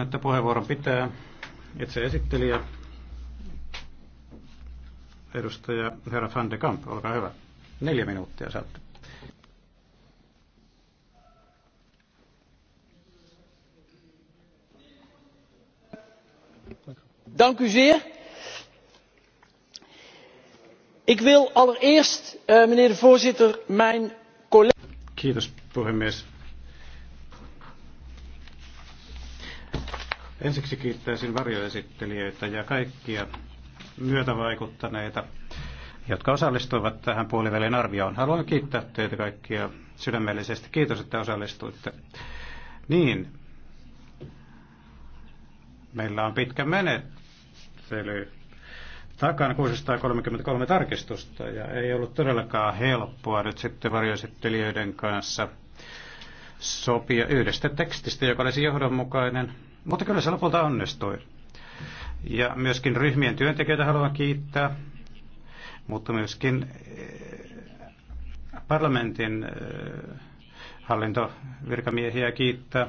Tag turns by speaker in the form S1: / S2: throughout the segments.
S1: että puheenvuoron pitää itse esittelijä, edustaja herra Van de Kamp, olkaa hyvä. Neljä minuuttia saatte.
S2: Dank u zeer. Ik wil allereerst, uh, meneer de voorzitter, mijn collega...
S3: Kiitos
S1: puhemies. Ensiksi kiittäisin varjoesittelijöitä ja kaikkia myötävaikuttaneita, jotka osallistuivat tähän puolivälin arvioon. Haluan kiittää teitä kaikkia sydämellisesti. Kiitos, että osallistuitte. Niin, meillä on pitkä menettely takana 633 tarkistusta ja ei ollut todellakaan helppoa nyt sitten varjoesittelijöiden kanssa sopia yhdestä tekstistä, joka olisi johdonmukainen mutta kyllä se lopulta onnistui. Ja myöskin ryhmien työntekijöitä haluan kiittää, mutta myöskin eh, parlamentin eh, hallintovirkamiehiä kiittää.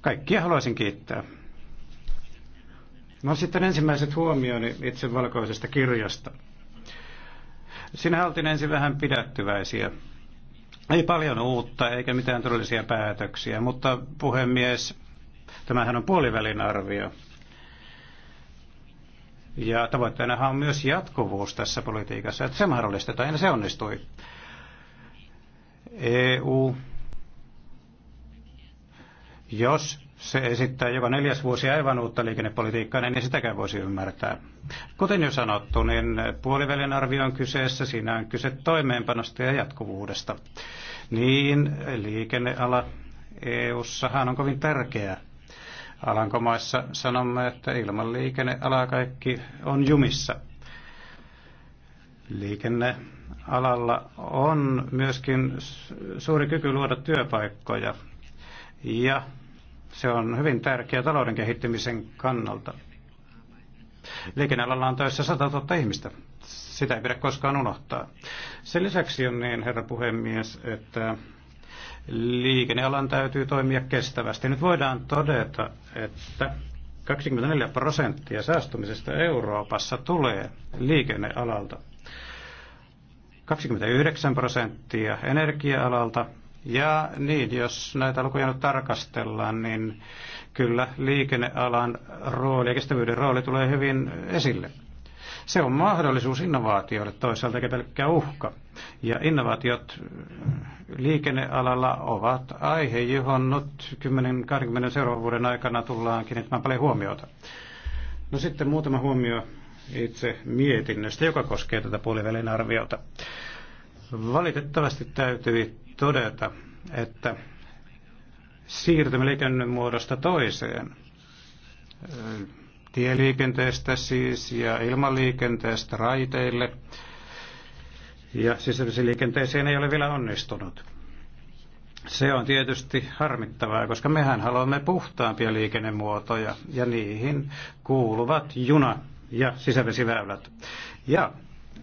S1: Kaikkia haluaisin kiittää. No sitten ensimmäiset huomioni itse valkoisesta kirjasta. Sinä oltiin ensin vähän pidättyväisiä ei paljon uutta eikä mitään todellisia päätöksiä, mutta puhemies, tämähän on puolivälin arvio. Ja tavoitteenahan on myös jatkuvuus tässä politiikassa, että se mahdollistetaan ja se onnistui. EU, jos se esittää joka neljäs vuosi aivan uutta liikennepolitiikkaa, niin ei sitäkään voisi ymmärtää. Kuten jo sanottu, niin puolivälin arvio on kyseessä, siinä on kyse toimeenpanosta ja jatkuvuudesta. Niin liikenneala EU-ssahan on kovin tärkeää. Alankomaissa sanomme, että ilman liikennealaa kaikki on jumissa. Liikennealalla on myöskin suuri kyky luoda työpaikkoja ja se on hyvin tärkeä talouden kehittymisen kannalta. Liikennealalla on töissä 100 000 ihmistä. Sitä ei pidä koskaan unohtaa. Sen lisäksi on niin, herra puhemies, että liikennealan täytyy toimia kestävästi. Nyt voidaan todeta, että 24 prosenttia säästymisestä Euroopassa tulee liikennealalta. 29 prosenttia energia-alalta ja niin, jos näitä lukuja nyt tarkastellaan, niin kyllä liikennealan rooli ja kestävyyden rooli tulee hyvin esille. Se on mahdollisuus innovaatioille toisaalta eikä pelkkä uhka. Ja innovaatiot mm, liikennealalla ovat aihe, johon nyt 10-20 seuraavan vuoden aikana tullaan kiinnittämään paljon huomiota. No sitten muutama huomio itse mietinnöstä, joka koskee tätä puolivälin arviota. Valitettavasti täytyy todeta, että siirtymä liikennemuodosta toiseen, tieliikenteestä siis ja ilmaliikenteestä raiteille, ja liikenteeseen ei ole vielä onnistunut. Se on tietysti harmittavaa, koska mehän haluamme puhtaampia liikennemuotoja ja niihin kuuluvat juna ja sisävesiväylät. Ja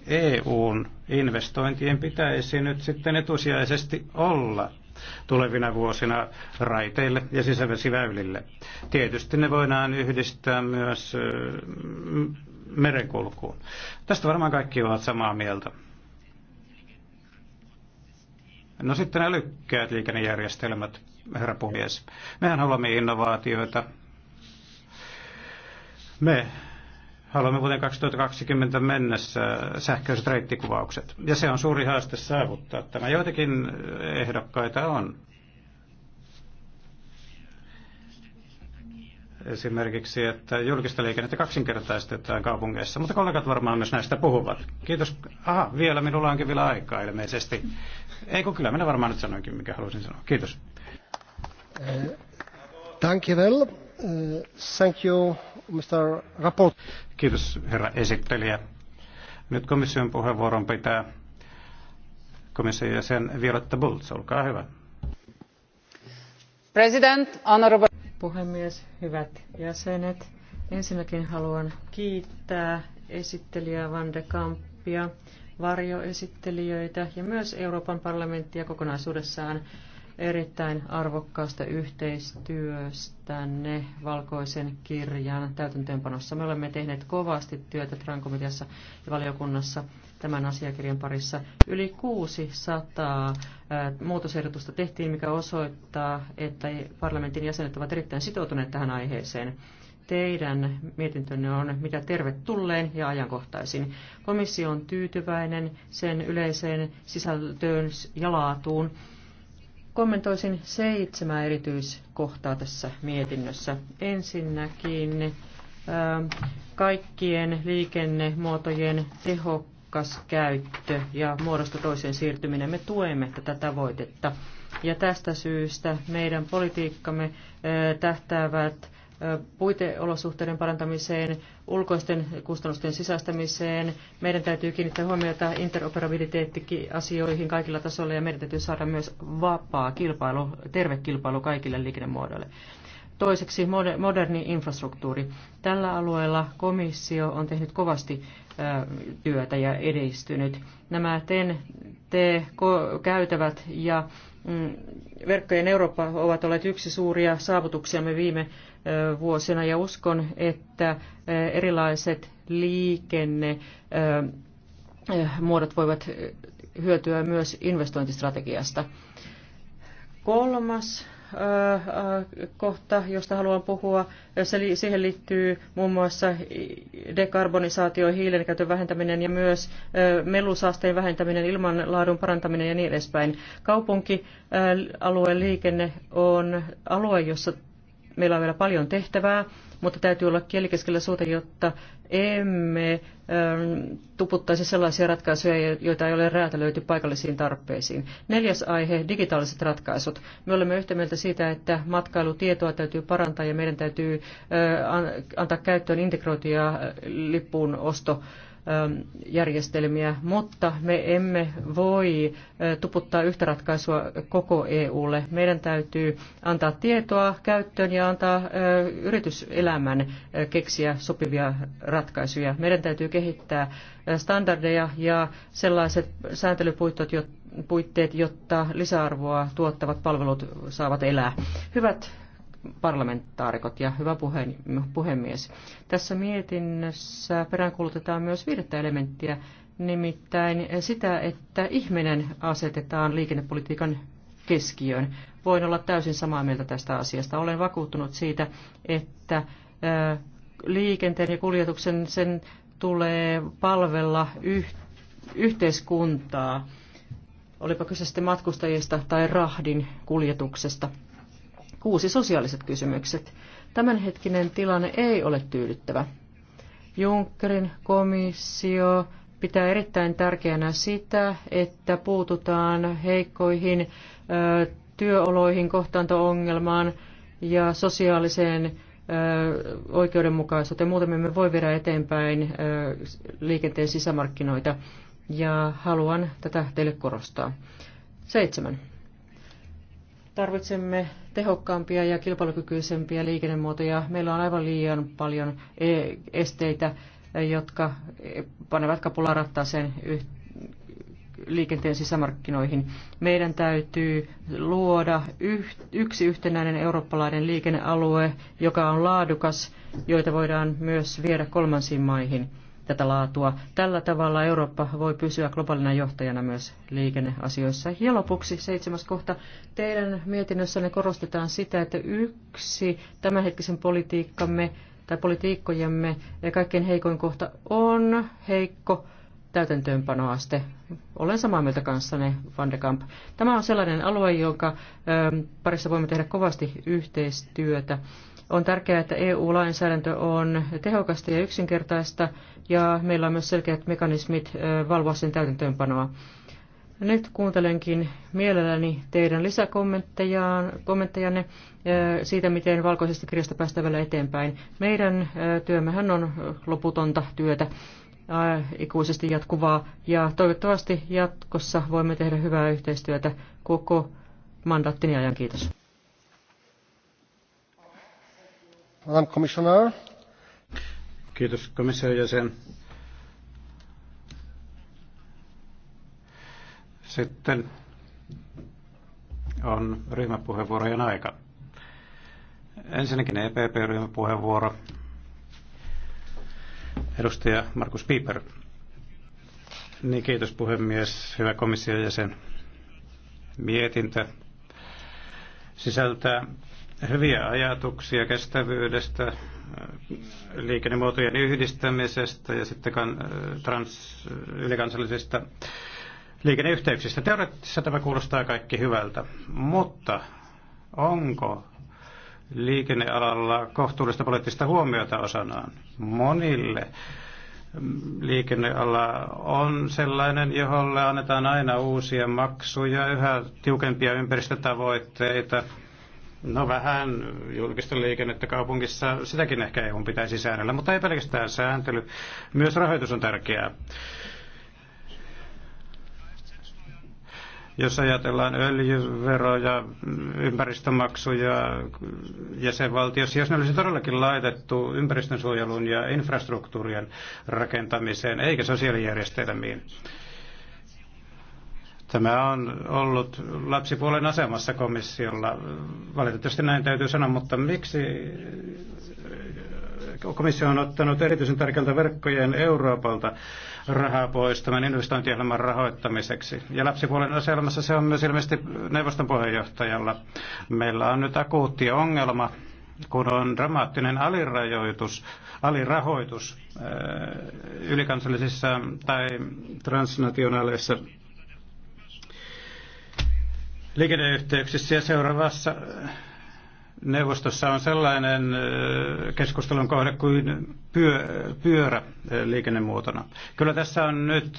S1: EUn investointien pitäisi nyt sitten etusijaisesti olla tulevina vuosina raiteille ja sisävesiväylille. Tietysti ne voidaan yhdistää myös merenkulkuun. Tästä varmaan kaikki ovat samaa mieltä. No sitten älykkäät liikennejärjestelmät, herra puhemies. Mehän haluamme innovaatioita. Me Haluamme vuoteen 2020 mennessä sähköiset reittikuvaukset. Ja se on suuri haaste saavuttaa tämä. Joitakin ehdokkaita on. Esimerkiksi, että julkista liikennettä kaksinkertaistetaan kaupungeissa, mutta kollegat varmaan myös näistä puhuvat. Kiitos. Aha, vielä minulla onkin vielä aikaa ilmeisesti. Ei kun kyllä, minä varmaan nyt sanoinkin, mikä halusin sanoa. Kiitos.
S3: Eh, thank you well. Uh, Kiitos, herra esittelijä.
S1: Nyt komission puheenvuoron pitää komission jäsen Violetta Bulls. Olkaa hyvä.
S2: President, honorable... Puhemies, hyvät jäsenet. Ensinnäkin haluan kiittää esittelijää Van de Kampia, varjoesittelijöitä ja myös Euroopan parlamenttia kokonaisuudessaan erittäin arvokkaasta yhteistyöstänne valkoisen kirjan täytäntöönpanossa. Me olemme tehneet kovasti työtä Trankomiteassa ja valiokunnassa tämän asiakirjan parissa. Yli 600 muutosehdotusta tehtiin, mikä osoittaa, että parlamentin jäsenet ovat erittäin sitoutuneet tähän aiheeseen teidän mietintönne on mitä tervetulleen ja ajankohtaisin. Komissio on tyytyväinen sen yleiseen sisältöön ja laatuun Kommentoisin seitsemän erityiskohtaa tässä mietinnössä. Ensinnäkin äh, kaikkien liikennemuotojen tehokas käyttö ja muodosta toiseen siirtyminen. Me tuemme tätä tavoitetta. Ja tästä syystä meidän politiikkamme äh, tähtäävät puiteolosuhteiden parantamiseen, ulkoisten kustannusten sisäistämiseen. Meidän täytyy kiinnittää huomiota interoperabiliteettiasioihin kaikilla tasoilla ja meidän täytyy saada myös vapaa kilpailu, terve kilpailu kaikille liikennemuodoille. Toiseksi moderni infrastruktuuri. Tällä alueella komissio on tehnyt kovasti työtä ja edistynyt. Nämä TEN-T-käytävät ja Mm, verkkojen Eurooppa ovat olleet yksi suuria saavutuksiamme viime vuosina ja uskon, että erilaiset liikennemuodot voivat hyötyä myös investointistrategiasta. Kolmas kohta, josta haluan puhua. Se, siihen liittyy muun muassa dekarbonisaatio, hiilenkäytön vähentäminen ja myös melusaasteen vähentäminen, ilmanlaadun parantaminen ja niin edespäin. Kaupunkialueen liikenne on alue, jossa Meillä on vielä paljon tehtävää, mutta täytyy olla kielikeskellä suuta, jotta emme äm, tuputtaisi sellaisia ratkaisuja, joita ei ole räätälöity paikallisiin tarpeisiin. Neljäs aihe, digitaaliset ratkaisut. Me olemme yhtä mieltä siitä, että matkailutietoa täytyy parantaa ja meidän täytyy ä, äh, antaa käyttöön integroituja äh, lippuun osto Ähm, järjestelmiä, mutta me emme voi äh, tuputtaa yhtä ratkaisua koko EUlle. Meidän täytyy antaa tietoa käyttöön ja antaa äh, yrityselämän äh, keksiä sopivia ratkaisuja. Meidän täytyy kehittää standardeja ja sellaiset sääntelypuitteet, puitteet, jotta lisäarvoa tuottavat palvelut saavat elää. Hyvät parlamentaarikot ja hyvä puhemies. Tässä mietinnössä peräänkuulutetaan myös viidettä elementtiä, nimittäin sitä, että ihminen asetetaan liikennepolitiikan keskiöön. Voin olla täysin samaa mieltä tästä asiasta. Olen vakuuttunut siitä, että liikenteen ja kuljetuksen sen tulee palvella yh- yhteiskuntaa, olipa kyse sitten matkustajista tai rahdin kuljetuksesta – Kuusi sosiaaliset kysymykset. Tämänhetkinen tilanne ei ole tyydyttävä. Junckerin komissio pitää erittäin tärkeänä sitä, että puututaan heikkoihin työoloihin, kohtaanto-ongelmaan ja sosiaaliseen oikeudenmukaisuuteen. Muuten me voi viedä eteenpäin liikenteen sisämarkkinoita ja haluan tätä teille korostaa. Seitsemän. Tarvitsemme tehokkaampia ja kilpailukykyisempiä liikennemuotoja. Meillä on aivan liian paljon e- esteitä, jotka panevat sen liikenteen sisämarkkinoihin. Meidän täytyy luoda yksi yhtenäinen eurooppalainen liikennealue, joka on laadukas, joita voidaan myös viedä kolmansiin maihin tätä laatua. Tällä tavalla Eurooppa voi pysyä globaalina johtajana myös liikenneasioissa. Ja lopuksi seitsemäs kohta. Teidän mietinnössänne korostetaan sitä, että yksi tämänhetkisen politiikkamme tai politiikkojemme kaikkein heikoin kohta on heikko täytäntöönpanoaste. Olen samaa mieltä kanssanne, Van de Kamp. Tämä on sellainen alue, jonka parissa voimme tehdä kovasti yhteistyötä. On tärkeää, että EU-lainsäädäntö on tehokasta ja yksinkertaista ja meillä on myös selkeät mekanismit valvoa sen täytäntöönpanoa. Nyt kuuntelenkin mielelläni teidän lisäkommenttejanne siitä, miten valkoisesta kirjasta päästään vielä eteenpäin. Meidän työmmehän on loputonta työtä, ikuisesti jatkuvaa, ja toivottavasti jatkossa voimme tehdä hyvää yhteistyötä koko mandaattini ajan. Kiitos. Madam Commissioner.
S1: Kiitos komission jäsen. Sitten on ryhmäpuheenvuorojen aika. Ensinnäkin EPP-ryhmäpuheenvuoro. Edustaja Markus Piper. Niin, kiitos puhemies, hyvä komission jäsen. Mietintö sisältää hyviä ajatuksia kestävyydestä, äh, liikennemuotojen yhdistämisestä ja sitten äh, trans, äh, ylikansallisista liikenneyhteyksistä. Teoreettisesti tämä kuulostaa kaikki hyvältä, mutta onko liikennealalla kohtuullista poliittista huomiota osanaan monille? liikenneala on sellainen, jolle annetaan aina uusia maksuja, yhä tiukempia ympäristötavoitteita, No vähän julkista liikennettä kaupungissa, sitäkin ehkä EU pitäisi säännellä, mutta ei pelkästään sääntely, myös rahoitus on tärkeää. Jos ajatellaan öljyveroja, ympäristömaksuja jäsenvaltiossa, jos ne olisi todellakin laitettu ympäristönsuojelun ja infrastruktuurien rakentamiseen, eikä sosiaalijärjestelmiin, Tämä on ollut lapsipuolen asemassa komissiolla. Valitettavasti näin täytyy sanoa, mutta miksi komissio on ottanut erityisen tärkeältä verkkojen Euroopalta rahaa pois tämän investointiohjelman rahoittamiseksi. Ja lapsipuolen asemassa se on myös ilmeisesti neuvoston puheenjohtajalla. Meillä on nyt akuutti ongelma, kun on dramaattinen alirajoitus, alirahoitus ylikansallisissa tai transnationaalisissa liikenneyhteyksissä ja seuraavassa äh, neuvostossa on sellainen äh, keskustelun kohde kuin pyö, pyörä äh, liikennemuotona. Kyllä tässä on nyt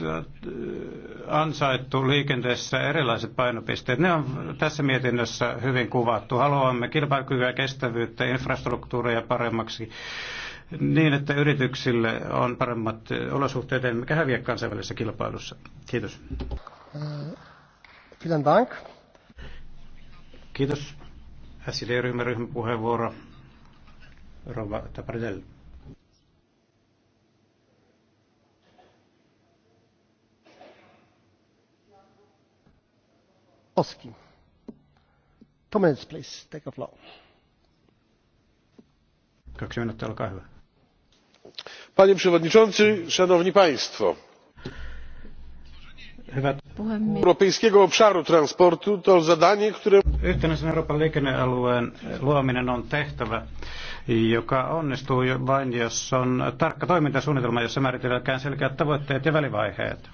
S1: ansaittu liikenteessä erilaiset painopisteet. Ne on tässä mietinnössä hyvin kuvattu. Haluamme kilpailukykyä, kestävyyttä, infrastruktuuria paremmaksi niin, että yrityksille on paremmat olosuhteet, emmekä häviä kansainvälisessä kilpailussa. Kiitos. Vielen Dank. Kiitos. SID-ryhmän ryhmän puheenvuoro. Rova Tapardell.
S3: Oski. Comments, please. Take a flow.
S1: Kaksi minuuttia, olkaa hyvä. Panie Przewodniczący, Szanowni Państwo.
S3: Hyvät Europejskiego obszaru transportu to zadanie, które...
S1: Yhtenäisen Euroopan liikennealueen luominen on tehtävä, joka onnistuu vain, jos on tarkka toimintasuunnitelma, jossa määritellään selkeät tavoitteet ja välivaiheet.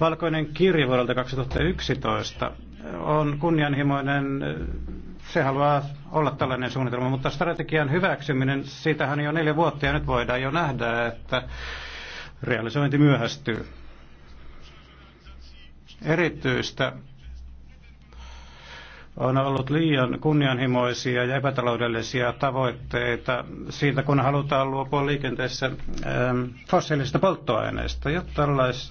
S1: Valkoinen kirja vuodelta 2011 on kunnianhimoinen, se haluaa olla tällainen suunnitelma, mutta strategian hyväksyminen, siitähän jo neljä vuotta ja nyt voidaan jo nähdä, että realisointi myöhästyy erityistä on ollut liian kunnianhimoisia ja epätaloudellisia tavoitteita siitä, kun halutaan luopua liikenteessä ähm, fossiilisista polttoaineista. Jotta tällaista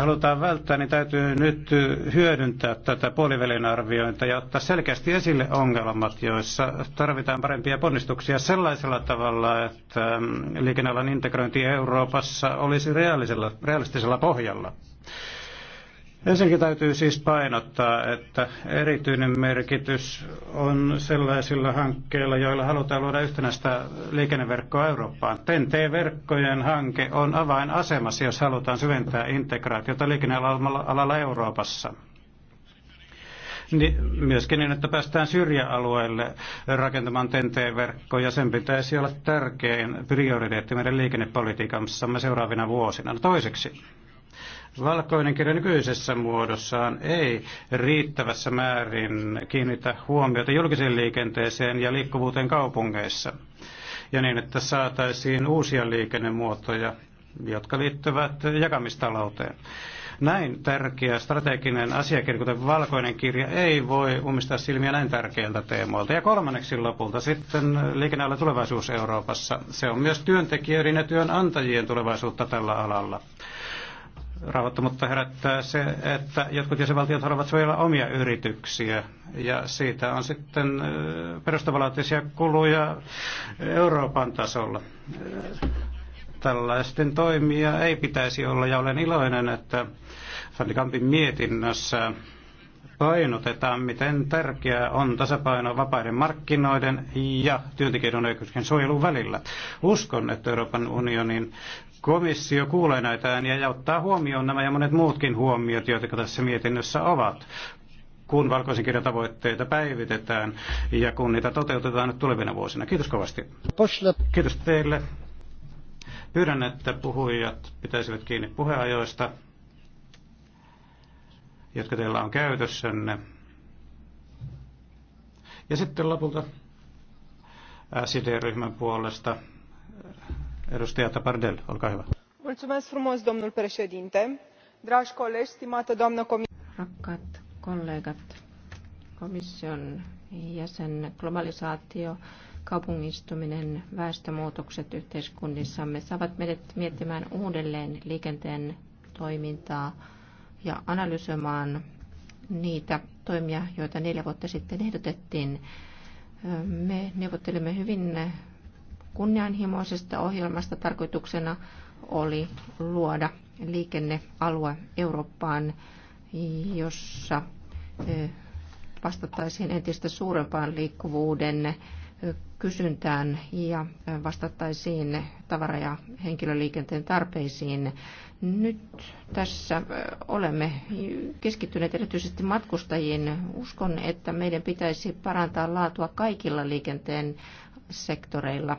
S1: halutaan välttää, niin täytyy nyt hyödyntää tätä puolivälin arviointia ja ottaa selkeästi esille ongelmat, joissa tarvitaan parempia ponnistuksia sellaisella tavalla, että ähm, liikennealan integrointi Euroopassa olisi realistisella pohjalla. Ensinnäkin täytyy siis painottaa, että erityinen merkitys on sellaisilla hankkeilla, joilla halutaan luoda yhtenäistä liikenneverkkoa Eurooppaan. TEN-T-verkkojen hanke on avainasemassa, jos halutaan syventää integraatiota liikennealalla Euroopassa. Niin, myöskin niin, että päästään syrjäalueelle rakentamaan tnt verkkoja ja sen pitäisi olla tärkein prioriteetti meidän liikennepolitiikassamme seuraavina vuosina. No toiseksi, Valkoinen kirja nykyisessä muodossaan ei riittävässä määrin kiinnitä huomiota julkiseen liikenteeseen ja liikkuvuuteen kaupungeissa. Ja niin, että saataisiin uusia liikennemuotoja, jotka liittyvät jakamistalouteen. Näin tärkeä strateginen asiakirja, kuten valkoinen kirja, ei voi umistaa silmiä näin tärkeiltä teemoilta. Ja kolmanneksi lopulta sitten liikennealan tulevaisuus Euroopassa. Se on myös työntekijöiden ja työnantajien tulevaisuutta tällä alalla. Rauhoittomuutta herättää se, että jotkut jäsenvaltiot haluavat suojella omia yrityksiä ja siitä on sitten perustavanlaatuisia kuluja Euroopan tasolla. Tällaisten toimia ei pitäisi olla ja olen iloinen, että Kampin mietinnössä painotetaan, miten tärkeää on tasapaino vapaiden markkinoiden ja työntekijöiden oikeuksien suojelun välillä. Uskon, että Euroopan unionin komissio kuulee näitä ääniä ja ottaa huomioon nämä ja monet muutkin huomiot, joita tässä mietinnössä ovat kun valkoisen kirjan tavoitteita päivitetään ja kun niitä toteutetaan nyt tulevina vuosina. Kiitos kovasti. Kiitos teille. Pyydän, että puhujat pitäisivät kiinni puheajoista, jotka teillä on käytössänne. Ja sitten lopulta SID-ryhmän puolesta Edustaja Tapardel, olkaa hyvä.
S4: Mulțumesc frumos, domnul președinte. Dragi colegi, stimată doamnă comisar.
S5: Rakkaat kollegat, komission jäsen, globalisaatio, kaupungistuminen, väestömuutokset yhteiskunnissamme saavat meidät miettimään uudelleen liikenteen toimintaa ja analysoimaan niitä toimia, joita neljä vuotta sitten ehdotettiin. Me neuvottelimme hyvin kunnianhimoisesta ohjelmasta. Tarkoituksena oli luoda liikennealue Eurooppaan, jossa vastattaisiin entistä suurempaan liikkuvuuden kysyntään ja vastattaisiin tavara- ja henkilöliikenteen tarpeisiin. Nyt tässä olemme keskittyneet erityisesti matkustajiin. Uskon, että meidän pitäisi parantaa laatua kaikilla liikenteen sektoreilla.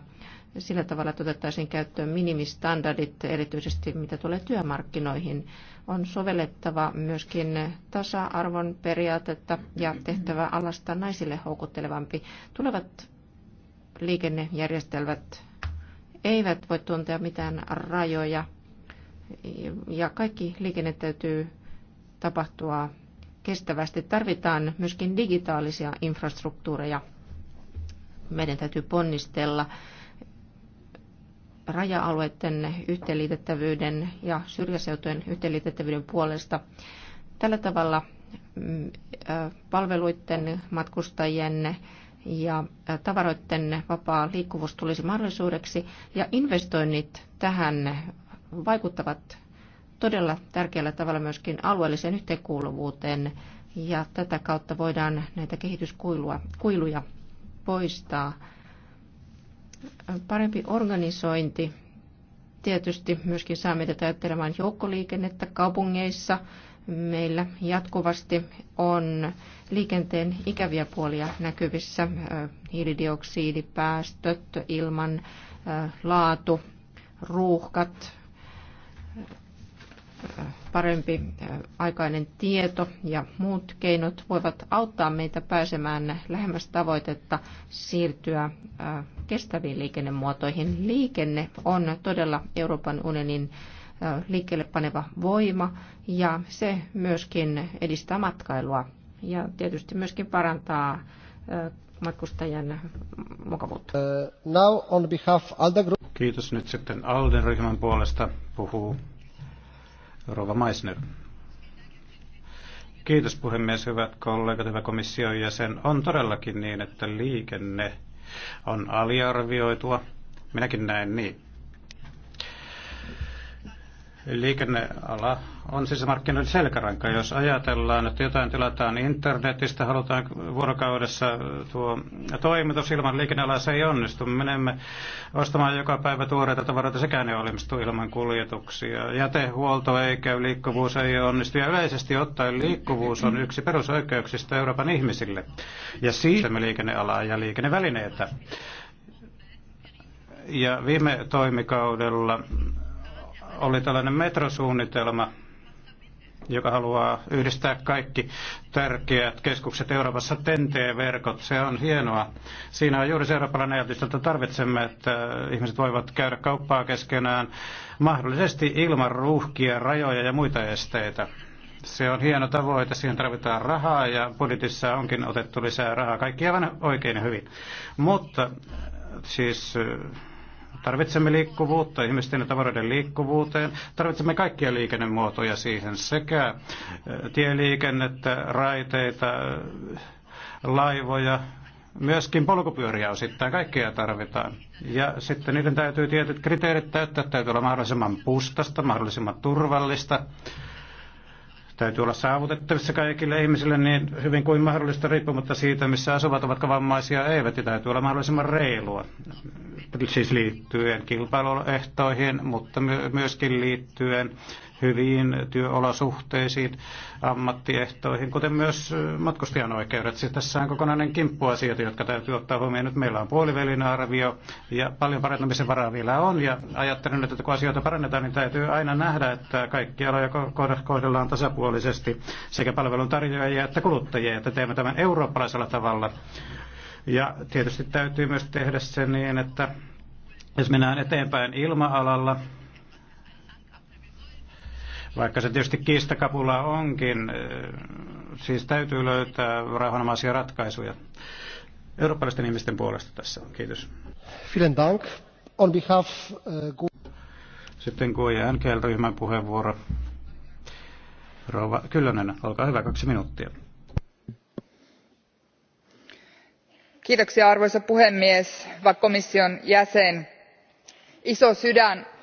S5: Sillä tavalla otettaisiin käyttöön minimistandardit, erityisesti mitä tulee työmarkkinoihin. On sovellettava myöskin tasa-arvon periaatetta ja tehtävä alasta naisille houkuttelevampi. Tulevat liikennejärjestelmät eivät voi tuntea mitään rajoja ja kaikki liikenne täytyy tapahtua kestävästi. Tarvitaan myöskin digitaalisia infrastruktuureja meidän täytyy ponnistella raja-alueiden yhteenliitettävyyden ja syrjäseutujen yhteenliitettävyyden puolesta. Tällä tavalla mm, palveluiden, matkustajien ja tavaroiden vapaa liikkuvuus tulisi mahdollisuudeksi ja investoinnit tähän vaikuttavat todella tärkeällä tavalla myöskin alueelliseen yhteenkuuluvuuteen ja tätä kautta voidaan näitä kehityskuiluja poistaa. Parempi organisointi tietysti myöskin saa meitä ajattelemaan joukkoliikennettä kaupungeissa. Meillä jatkuvasti on liikenteen ikäviä puolia näkyvissä, hiilidioksidipäästöt, ilman laatu, ruuhkat, parempi aikainen tieto ja muut keinot voivat auttaa meitä pääsemään lähemmäs tavoitetta siirtyä kestäviin liikennemuotoihin. Liikenne on todella Euroopan unionin liikkeelle paneva voima ja se myöskin edistää matkailua ja tietysti myöskin parantaa matkustajan
S1: mukavuutta. Uh, now on behalf Alde Group. Kiitos nyt sitten Alden ryhmän puolesta puhuu Rova Meissner. Kiitos puhemies, hyvät kollegat, hyvä komission jäsen. On todellakin niin, että liikenne on aliarvioitua. Minäkin näen niin liikenneala on markkinoiden selkäranka. Jos ajatellaan, että jotain tilataan internetistä, halutaan vuorokaudessa tuo toimitus ilman liikennealaa, se ei onnistu. Menemme ostamaan joka päivä tuoreita tavaroita, sekään ei onnistu ilman kuljetuksia. Jätehuolto ei käy, liikkuvuus ei onnistu. Ja yleisesti ottaen liikkuvuus on yksi perusoikeuksista Euroopan ihmisille. Ja siitä me liikennealaa ja liikennevälineitä. Ja viime toimikaudella oli tällainen metrosuunnitelma, joka haluaa yhdistää kaikki tärkeät keskukset Euroopassa, TNT-verkot. Se on hienoa. Siinä on juuri se eurooppalainen ajatus, tarvitsemme, että ihmiset voivat käydä kauppaa keskenään mahdollisesti ilman ruuhkia, rajoja ja muita esteitä. Se on hieno tavoite, siihen tarvitaan rahaa ja budjetissa onkin otettu lisää rahaa. Kaikki aivan oikein hyvin. Mutta siis Tarvitsemme liikkuvuutta ihmisten ja tavaroiden liikkuvuuteen. Tarvitsemme kaikkia liikennemuotoja siihen, sekä tieliikennettä, raiteita, laivoja, myöskin polkupyöriä osittain, kaikkea tarvitaan. Ja sitten niiden täytyy tietyt kriteerit täyttää, täytyy olla mahdollisimman pustasta, mahdollisimman turvallista täytyy olla saavutettavissa kaikille ihmisille niin hyvin kuin mahdollista riippumatta siitä, missä asuvat, ovatko vammaisia eivät, ja täytyy olla mahdollisimman reilua, siis liittyen kilpailuehtoihin, mutta myöskin liittyen hyviin työolosuhteisiin, ammattiehtoihin, kuten myös matkustajan oikeudet. Siis tässä on kokonainen kimppu asioita, jotka täytyy ottaa huomioon. Nyt meillä on puolivälin arvio ja paljon parantamisen varaa vielä on. Ja ajattelen, että kun asioita parannetaan, niin täytyy aina nähdä, että kaikki aloja kohdellaan tasapuolisesti sekä palvelun tarjoajia että kuluttajia, että teemme tämän eurooppalaisella tavalla. Ja tietysti täytyy myös tehdä se niin, että jos mennään eteenpäin ilma-alalla, vaikka se tietysti kiistakapula onkin, eh, siis täytyy löytää rauhanomaisia ratkaisuja eurooppalaisten ihmisten puolesta tässä. Kiitos.
S3: Vielen dank. On behalf, uh,
S1: Sitten QIA NKL-ryhmän puheenvuoro. Rouva Kyllönen, olkaa hyvä, kaksi minuuttia.
S4: Kiitoksia arvoisa puhemies, vaikka komission jäsen. Iso sydän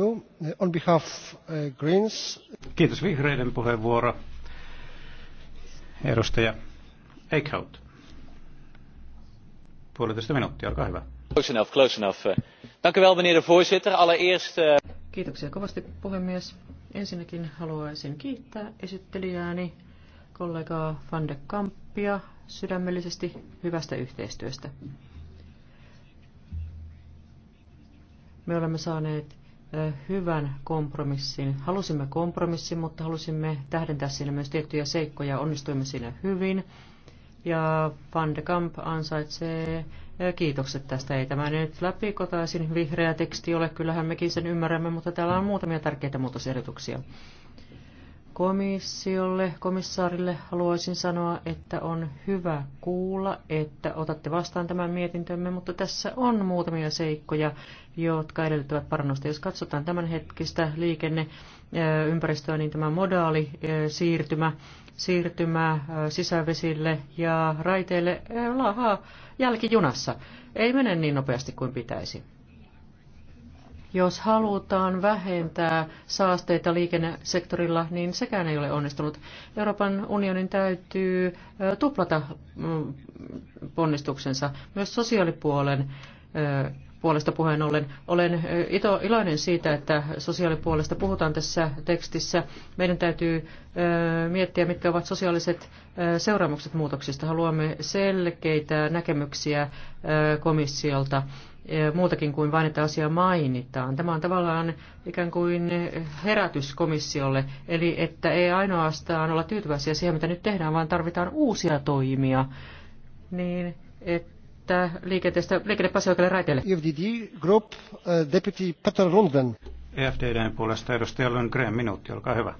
S3: Uh,
S1: Kiitos vihreiden puheenvuoro. Edustaja Eichhout. Puolitoista minuuttia, olkaa hyvä. Close enough, close enough. Dank u wel, meneer de voorzitter. Allereerst... Eh,
S2: Kiitoksia kovasti puhemies. Ensinnäkin haluaisin kiittää esittelijääni kollegaa Van de Kampia sydämellisesti hyvästä yhteistyöstä. Me olemme saaneet hyvän kompromissin. Halusimme kompromissin, mutta halusimme tähdentää siinä myös tiettyjä seikkoja. Onnistuimme siinä hyvin. Ja Van de Kamp ansaitsee kiitokset tästä. Ei tämä nyt läpikotaisin vihreä teksti ole, kyllähän mekin sen ymmärrämme, mutta täällä on muutamia tärkeitä muutosehdotuksia komissiolle, komissaarille haluaisin sanoa, että on hyvä kuulla, että otatte vastaan tämän mietintömme, mutta tässä on muutamia seikkoja, jotka edellyttävät parannusta. Jos katsotaan hetkistä liikenneympäristöä, niin tämä modaali siirtymä, siirtymä sisävesille ja raiteille laahaa jälkijunassa. Ei mene niin nopeasti kuin pitäisi. Jos halutaan vähentää saasteita liikennesektorilla, niin sekään ei ole onnistunut. Euroopan unionin täytyy tuplata ponnistuksensa myös sosiaalipuolen puolesta puheen ollen. Olen ito, iloinen siitä, että sosiaalipuolesta puhutaan tässä tekstissä. Meidän täytyy ö, miettiä, mitkä ovat sosiaaliset ö, seuraamukset muutoksista. Haluamme selkeitä näkemyksiä ö, komissiolta. E, muutakin kuin vain, että asia mainitaan. Tämä on tavallaan ikään kuin herätys komissiolle, eli että ei ainoastaan olla tyytyväisiä siihen, mitä nyt tehdään, vaan tarvitaan uusia toimia, niin että liikenteestä, liikenne pääsee oikealle raiteelle. EFDD Group, uh, Deputy Peter Lundgren.
S1: EFDDn puolesta edustaja Lundgren, minuutti, olkaa hyvä.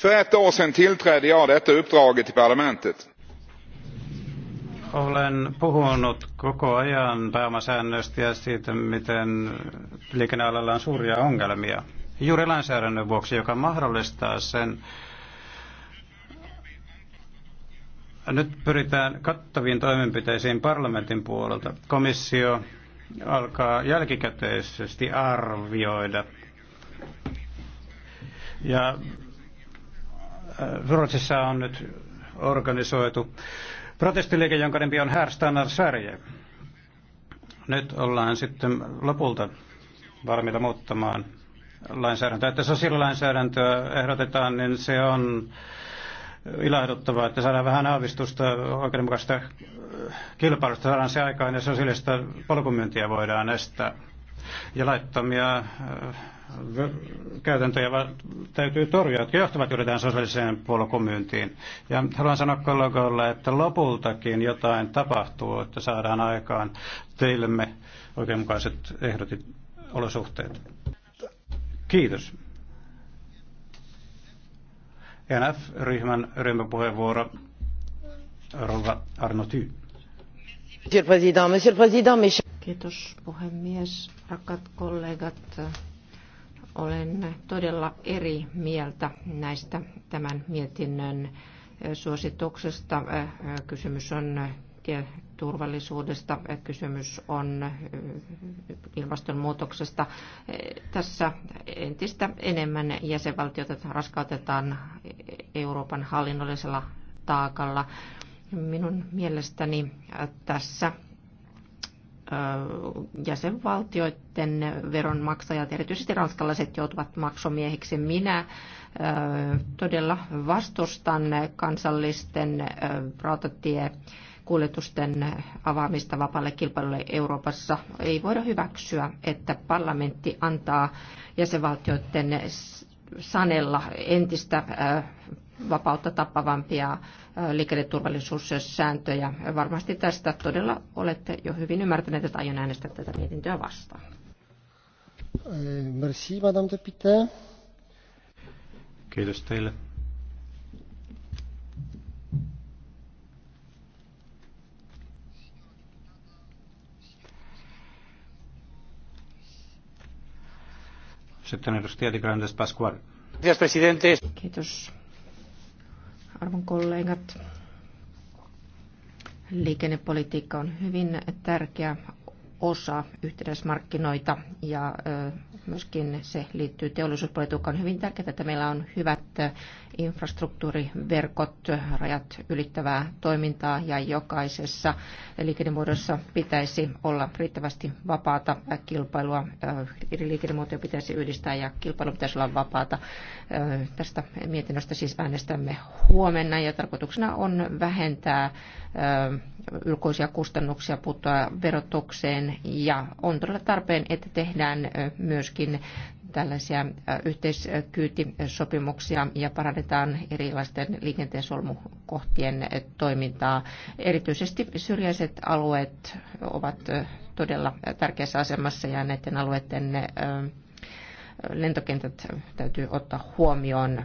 S1: För ett år sedan tillträdde jag detta uppdraget i parlamentet. Olen puhunut koko ajan pääomasäännöstä ja siitä, miten liikennealalla on suuria ongelmia. Juuri lainsäädännön vuoksi, joka mahdollistaa sen. Nyt pyritään kattaviin toimenpiteisiin parlamentin puolelta. Komissio alkaa jälkikäteisesti arvioida. Ja äh, Ruotsissa on nyt organisoitu protestiliike, jonka nimi on Härstanar Sverige. Nyt ollaan sitten lopulta valmiita muuttamaan lainsäädäntöä. Että sosiaalilainsäädäntöä ehdotetaan, niin se on ilahduttavaa, että saadaan vähän aavistusta oikeudenmukaista kilpailusta, saadaan se aikaan ja sosiaalista polkumyyntiä voidaan estää. Ja laittomia käytäntöjä täytyy torjua, jotka johtavat juuri tähän sosiaaliseen polkumyyntiin. Ja haluan sanoa kollegoille, että lopultakin jotain tapahtuu, että saadaan aikaan teillemme oikeanmukaiset ehdotit olosuhteet. Kiitos. NF-ryhmän ryhmäpuheenvuoro, rouva Arno Tyy.
S5: Kiitos puhemies, rakkaat kollegat. Olen todella eri mieltä näistä tämän mietinnön suosituksesta. Kysymys on turvallisuudesta, kysymys on ilmastonmuutoksesta. Tässä entistä enemmän jäsenvaltiota raskautetaan Euroopan hallinnollisella taakalla. Minun mielestäni tässä jäsenvaltioiden veronmaksajat, erityisesti ranskalaiset, joutuvat maksomiehiksi. Minä todella vastustan kansallisten rautatie kuljetusten avaamista vapaalle kilpailulle Euroopassa ei voida hyväksyä, että parlamentti antaa jäsenvaltioiden sanella entistä vapautta tappavampia liikenneturvallisuussääntöjä. Varmasti tästä todella olette jo hyvin ymmärtäneet, että aion äänestää tätä mietintöä vastaan.
S3: Merci, Madame de Pitää.
S1: Kiitos teille. Sitten edustaja Grandes Pascual.
S5: Kiitos arvon kollegat. Liikennepolitiikka on hyvin tärkeä osa yhtenäismarkkinoita ja myöskin se liittyy teollisuuspolitiikkaan. On hyvin tärkeää, että meillä on hyvät infrastruktuuriverkot, rajat ylittävää toimintaa ja jokaisessa liikennemuodossa pitäisi olla riittävästi vapaata kilpailua. Eri liikennemuotoja pitäisi yhdistää ja kilpailu pitäisi olla vapaata. Tästä mietinnöstä siis äänestämme huomenna ja tarkoituksena on vähentää ulkoisia kustannuksia, puuttua verotukseen enemmän ja on todella tarpeen, että tehdään myöskin tällaisia yhteiskyytisopimuksia ja parannetaan erilaisten liikenteen solmukohtien toimintaa. Erityisesti syrjäiset alueet ovat todella tärkeässä asemassa ja näiden alueiden lentokentät täytyy ottaa huomioon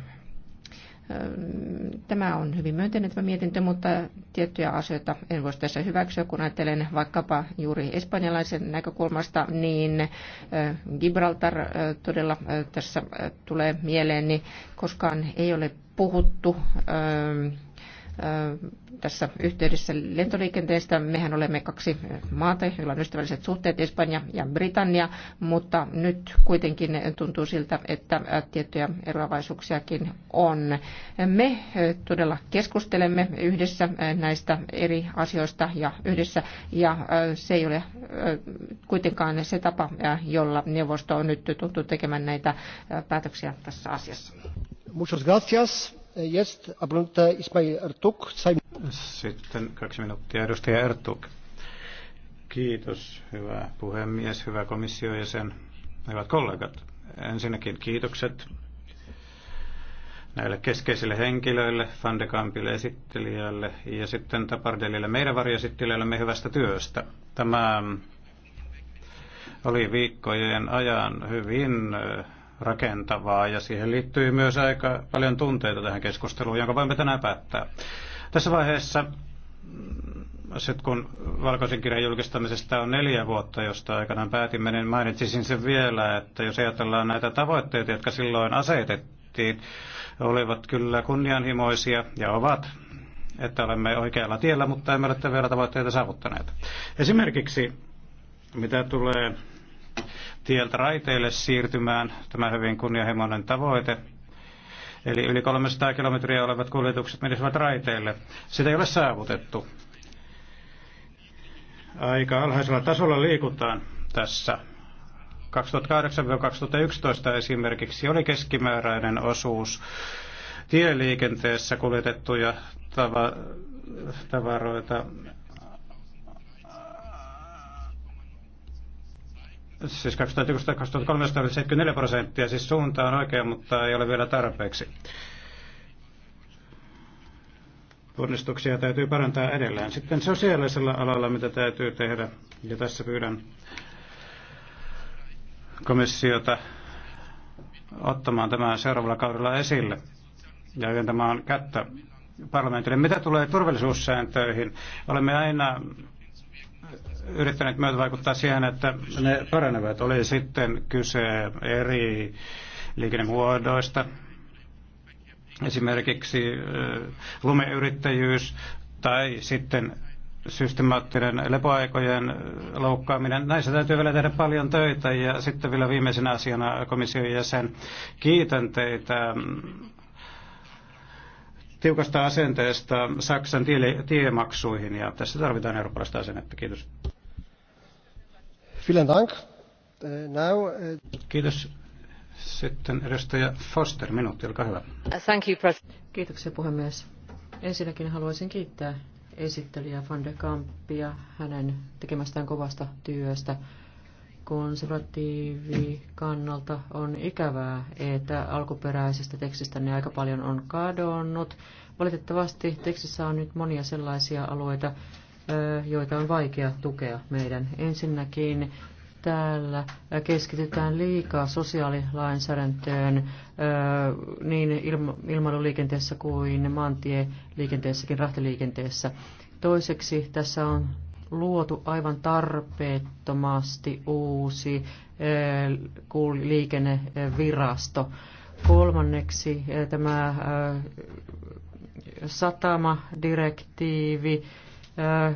S5: Tämä on hyvin myönteinen tämä mietintö, mutta tiettyjä asioita en voisi tässä hyväksyä, kun ajattelen vaikkapa juuri espanjalaisen näkökulmasta, niin Gibraltar todella tässä tulee mieleeni, niin koskaan ei ole puhuttu tässä yhteydessä lentoliikenteestä. Mehän olemme kaksi maata, joilla on ystävälliset suhteet, Espanja ja Britannia, mutta nyt kuitenkin tuntuu siltä, että tiettyjä eroavaisuuksiakin on. Me todella keskustelemme yhdessä näistä eri asioista ja yhdessä, ja se ei ole kuitenkaan se tapa, jolla neuvosto on nyt tuntuu tekemään näitä päätöksiä tässä asiassa.
S3: Muchas gracias. Jest, Ismail Ertuk. Sitten kaksi minuuttia edustaja Ertuk.
S1: Kiitos, hyvä puhemies, hyvä komissio ja sen hyvät kollegat. Ensinnäkin kiitokset näille keskeisille henkilöille, Van de esittelijälle ja sitten Tapardelille meidän varjoesittelijällemme hyvästä työstä. Tämä oli viikkojen ajan hyvin rakentavaa ja siihen liittyy myös aika paljon tunteita tähän keskusteluun, jonka voimme tänään päättää. Tässä vaiheessa, sit kun valkoisen kirjan julkistamisesta on neljä vuotta, josta aikanaan päätimme, niin mainitsisin sen vielä, että jos ajatellaan näitä tavoitteita, jotka silloin asetettiin, olivat kyllä kunnianhimoisia ja ovat että olemme oikealla tiellä, mutta emme ole vielä tavoitteita saavuttaneet. Esimerkiksi mitä tulee tieltä raiteille siirtymään. Tämä hyvin kunnianhimoinen tavoite. Eli yli 300 kilometriä olevat kuljetukset menisivät raiteille. Sitä ei ole saavutettu. Aika alhaisella tasolla liikutaan tässä. 2008-2011 esimerkiksi oli keskimääräinen osuus tieliikenteessä kuljetettuja tavaroita Siis 2013 oli 74 prosenttia, siis suunta on oikea, mutta ei ole vielä tarpeeksi. Ponnistuksia täytyy parantaa edelleen. Sitten sosiaalisella alalla, mitä täytyy tehdä, ja tässä pyydän komissiota ottamaan tämän seuraavalla kaudella esille ja yöntämään kättä parlamentille. Mitä tulee turvallisuussääntöihin, olemme aina yrittäneet myötä vaikuttaa siihen, että ne paranevat. Oli sitten kyse eri liikennemuodoista, esimerkiksi lumeyrittäjyys tai sitten systemaattinen lepoaikojen loukkaaminen. Näissä täytyy vielä tehdä paljon töitä ja sitten vielä viimeisenä asiana komission jäsen. Kiitän teitä tiukasta asenteesta Saksan tie, tiemaksuihin ja tässä tarvitaan eurooppalaista asennetta. Kiitos.
S3: Vielen Dank. Now, uh,
S1: Kiitos. Sitten edustaja Foster, minuutti, olkaa hyvä.
S2: Thank you, President. Kiitoksia puhemies. Ensinnäkin haluaisin kiittää esittelijä Van de Kampia hänen tekemästään kovasta työstä konservatiivi kannalta on ikävää, että alkuperäisestä tekstistä ne aika paljon on kadonnut. Valitettavasti tekstissä on nyt monia sellaisia alueita, joita on vaikea tukea meidän. Ensinnäkin täällä keskitytään liikaa sosiaalilainsäädäntöön niin ilmailuliikenteessä kuin maantieliikenteessäkin, rahtiliikenteessä. Toiseksi tässä on luotu aivan tarpeettomasti uusi eh, liikennevirasto. Kolmanneksi eh, tämä eh, satamadirektiivi,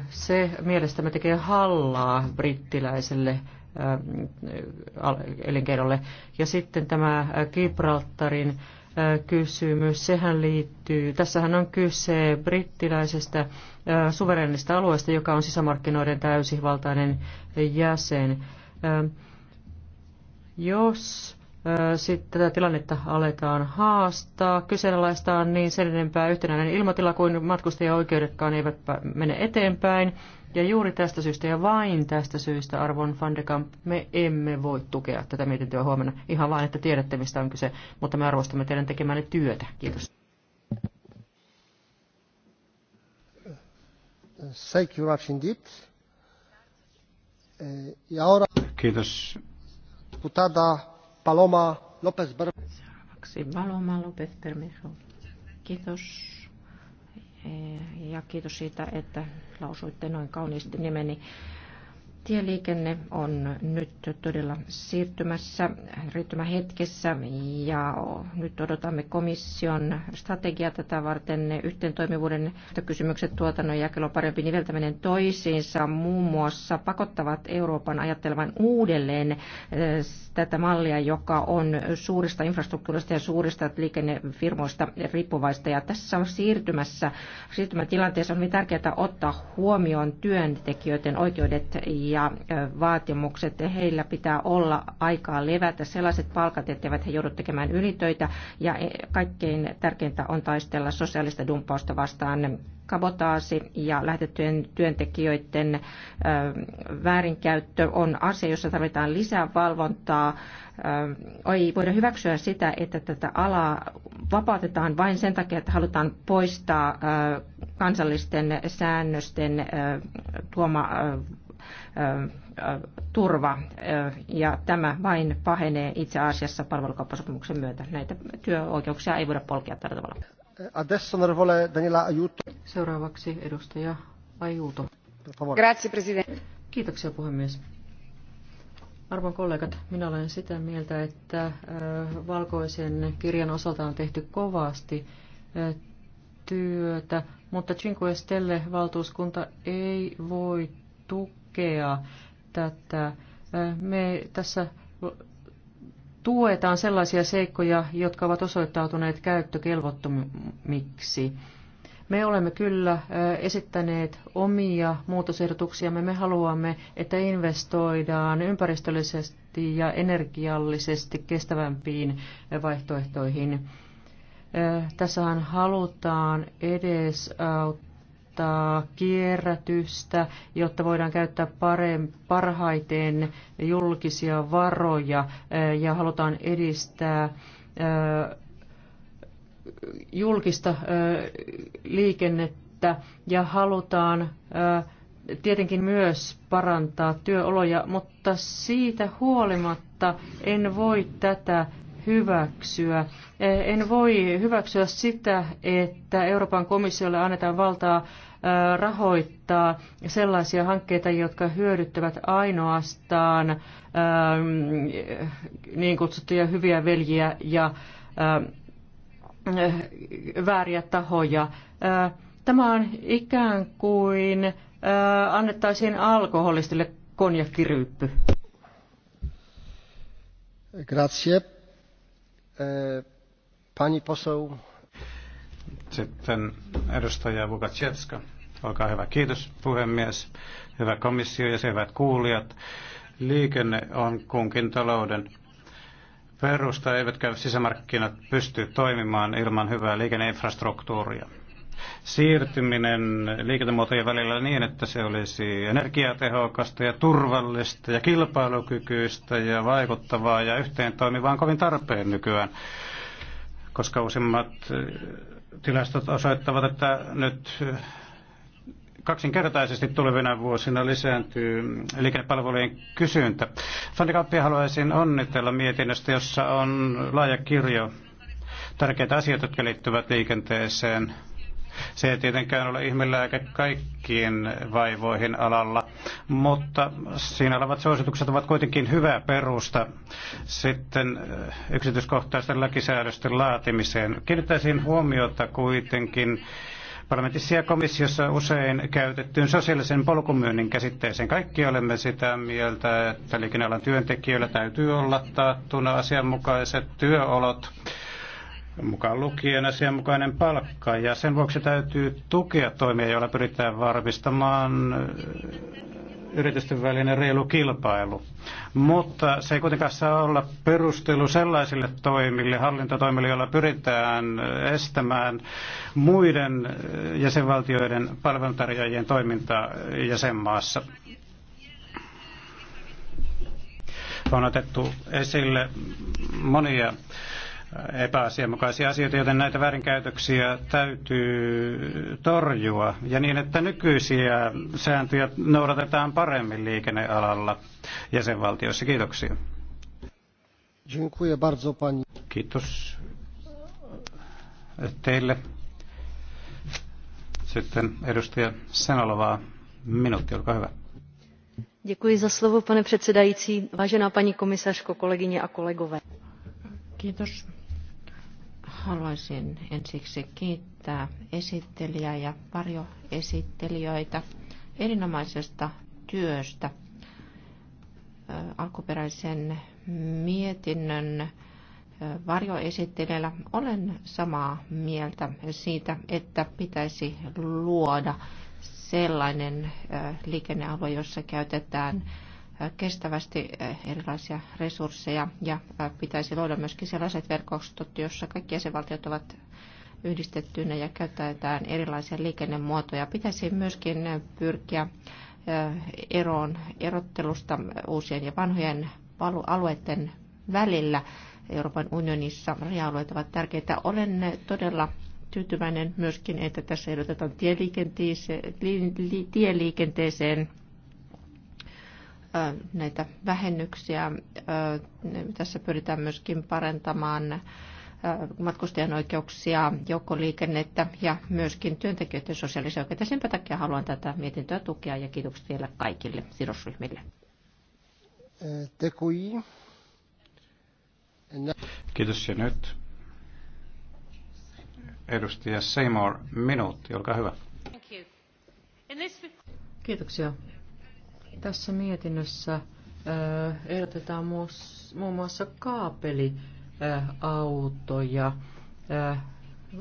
S2: se mielestämme tekee hallaa brittiläiselle elinkeinolle. Ja sitten tämä Gibraltarin kysymys. Sehän liittyy, tässähän on kyse brittiläisestä suverenista alueesta, joka on sisämarkkinoiden täysivaltainen jäsen. Jos sitten tätä tilannetta aletaan haastaa, kyseenalaistaan, niin sen enempää yhtenäinen ilmatila kuin oikeudetkaan eivät mene eteenpäin. Ja juuri tästä syystä ja vain tästä syystä, arvon van de Kamp, me emme voi tukea tätä mietintöä huomenna. Ihan vain, että tiedätte, mistä on kyse, mutta me arvostamme teidän tekemänne työtä. Kiitos.
S3: Thank you much indeed. Eh, ja
S1: Kiitos.
S3: Putada Paloma López Bermejo. Paloma López Bermejo.
S5: Kiitos ja kiitos siitä, että lausuitte noin kauniisti nimeni. Tieliikenne on nyt todella siirtymässä riittymähetkessä ja nyt odotamme komission strategiaa tätä varten. Yhteen toimivuuden kysymykset tuotannon jakelun parempi niveltäminen toisiinsa muun muassa pakottavat Euroopan ajattelevan uudelleen eh, tätä mallia, joka on suurista infrastruktuurista ja suurista liikennefirmoista riippuvaista. Ja tässä on siirtymässä, siirtymätilanteessa on hyvin tärkeää ottaa huomioon työntekijöiden oikeudet ja ja vaatimukset. Heillä pitää olla aikaa levätä sellaiset palkat, etteivät he joudu tekemään ylitöitä. Ja e, kaikkein tärkeintä on taistella sosiaalista dumpausta vastaan kabotaasi ja lähetettyjen työntekijöiden väärinkäyttö on asia, jossa tarvitaan lisää valvontaa. Ei voida hyväksyä sitä, että tätä alaa vapautetaan vain sen takia, että halutaan poistaa kansallisten säännösten tuoma turva, ja tämä vain pahenee itse asiassa palvelukauppasopimuksen myötä. Näitä työoikeuksia ei voida polkea tällä
S2: tavalla. Seuraavaksi edustaja Ajuuto. Kiitoksia puhemies. Arvon kollegat, minä olen sitä mieltä, että valkoisen kirjan osalta on tehty kovasti työtä, mutta Cinque Stelle valtuuskunta ei voi tukea tukea tätä. Me tässä tuetaan sellaisia seikkoja, jotka ovat osoittautuneet käyttökelvottomiksi. Me olemme kyllä esittäneet omia muutosehdotuksia. Me haluamme, että investoidaan ympäristöllisesti ja energiallisesti kestävämpiin vaihtoehtoihin. Tässähän halutaan edes parantaa kierrätystä, jotta voidaan käyttää parhaiten julkisia varoja eh, ja halutaan edistää eh, julkista eh, liikennettä ja halutaan tietenkin myös parantaa työoloja, mutta siitä huolimatta en voi tätä hyväksyä. En voi hyväksyä sitä, että Euroopan komissiolle annetaan valtaa rahoittaa sellaisia hankkeita, jotka hyödyttävät ainoastaan ähm, niin kutsuttuja hyviä veljiä ja äh, vääriä tahoja. Äh, tämä on ikään kuin äh, annettaisiin alkoholistille konjakkiryyppy.
S3: Grazie. Pani poseu.
S1: Sitten edustaja Vukaczewska. Olkaa hyvä. Kiitos puhemies. Hyvä komissio ja hyvät kuulijat. Liikenne on kunkin talouden perusta, eivätkä sisämarkkinat pysty toimimaan ilman hyvää liikenneinfrastruktuuria. Siirtyminen liikennemuotojen välillä niin, että se olisi energiatehokasta ja turvallista ja kilpailukykyistä ja vaikuttavaa ja yhteen toimivaan kovin tarpeen nykyään, koska uusimmat tilastot osoittavat, että nyt kaksinkertaisesti tulevina vuosina lisääntyy liikennepalvelujen kysyntä. Fandikappia haluaisin onnitella mietinnöstä, jossa on laaja kirjo tärkeitä asioita, jotka liittyvät liikenteeseen. Se ei tietenkään ole ihmelääke kaikkiin vaivoihin alalla, mutta siinä olevat suositukset ovat kuitenkin hyvä perusta sitten äh, yksityiskohtaisten lakisäädösten laatimiseen. Kiinnittäisin huomiota kuitenkin parlamentissa ja komissiossa usein käytettyyn sosiaalisen polkumyynnin käsitteeseen. Kaikki olemme sitä mieltä, että liikennealan työntekijöillä täytyy olla taattuna asianmukaiset työolot mukaan lukien asianmukainen palkka, ja sen vuoksi täytyy tukea toimia, joilla pyritään varmistamaan yritysten välinen reilu kilpailu. Mutta se ei kuitenkaan saa olla perustelu sellaisille toimille, hallintotoimille, joilla pyritään estämään muiden jäsenvaltioiden palveluntarjoajien toimintaa jäsenmaassa. On otettu esille monia epäasianmukaisia asioita, joten näitä väärinkäytöksiä täytyy torjua. Ja niin, että nykyisiä sääntöjä noudatetaan paremmin liikennealalla jäsenvaltioissa. Kiitoksia.
S3: Kiitos teille.
S1: Sitten edustaja Senalovaa. Minuutti, olkaa hyvä.
S2: Děkuji za slovo, pane předsedající, vážená paní komisařko, kolegyně a kolegové. Kiitos
S5: Haluaisin ensiksi kiittää esittelijää ja varjoesittelijöitä erinomaisesta työstä. Alkuperäisen mietinnön varjoesittelijällä olen samaa mieltä siitä, että pitäisi luoda sellainen liikennealue, jossa käytetään kestävästi erilaisia resursseja ja pitäisi luoda myöskin sellaiset verkostot, joissa kaikki jäsenvaltiot ovat yhdistettyinä ja käytetään erilaisia liikennemuotoja. Pitäisi myöskin pyrkiä eroon erottelusta uusien ja vanhojen alueiden välillä. Euroopan unionissa raja-alueet ovat tärkeitä. Olen todella tyytyväinen myöskin, että tässä ehdotetaan tieliikenteeseen, li, li, tieliikenteeseen näitä vähennyksiä. Tässä pyritään myöskin parantamaan matkustajan oikeuksia, joukkoliikennettä ja myöskin työntekijöiden sosiaalisia oikeuksia. Sen takia haluan tätä mietintöä tukea ja kiitokset vielä
S3: kaikille sidosryhmille.
S1: Kiitos ja nyt edustaja Seymour, minuutti, olkaa hyvä.
S2: Kiitoksia. Tässä mietinnössä ehdotetaan muun muassa kaapeliautoja.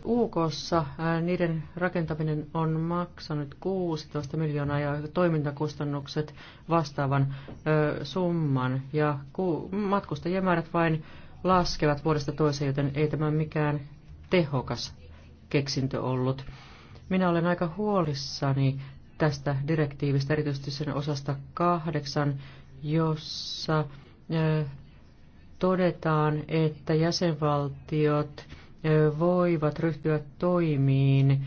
S2: UKssa niiden rakentaminen on maksanut 16 miljoonaa ja toimintakustannukset vastaavan summan. Ja matkustajien määrät vain laskevat vuodesta toiseen, joten ei tämä mikään tehokas keksintö ollut. Minä olen aika huolissani tästä direktiivistä, erityisesti sen osasta kahdeksan, jossa todetaan, että jäsenvaltiot voivat ryhtyä toimiin,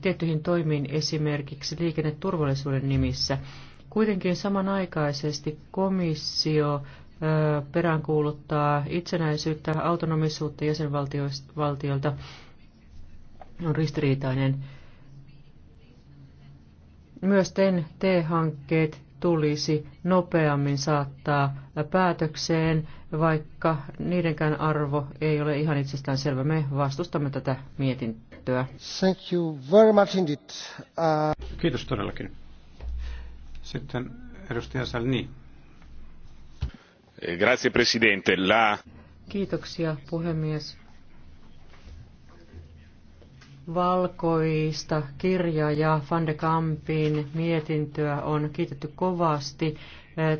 S2: tiettyihin toimiin esimerkiksi liikenneturvallisuuden nimissä. Kuitenkin samanaikaisesti komissio peräänkuuluttaa itsenäisyyttä, autonomisuutta jäsenvaltioilta on ristiriitainen myös TEN-T-hankkeet tulisi nopeammin saattaa päätökseen, vaikka niidenkään arvo ei ole ihan itsestään selvä. Me vastustamme tätä mietintöä.
S3: Thank you very much indeed. Uh... Kiitos todellakin.
S1: Sitten edustaja Salni. Eh, grazie presidente. La...
S2: Kiitoksia puhemies valkoista kirjaa ja Van de Kampin mietintöä on kiitetty kovasti.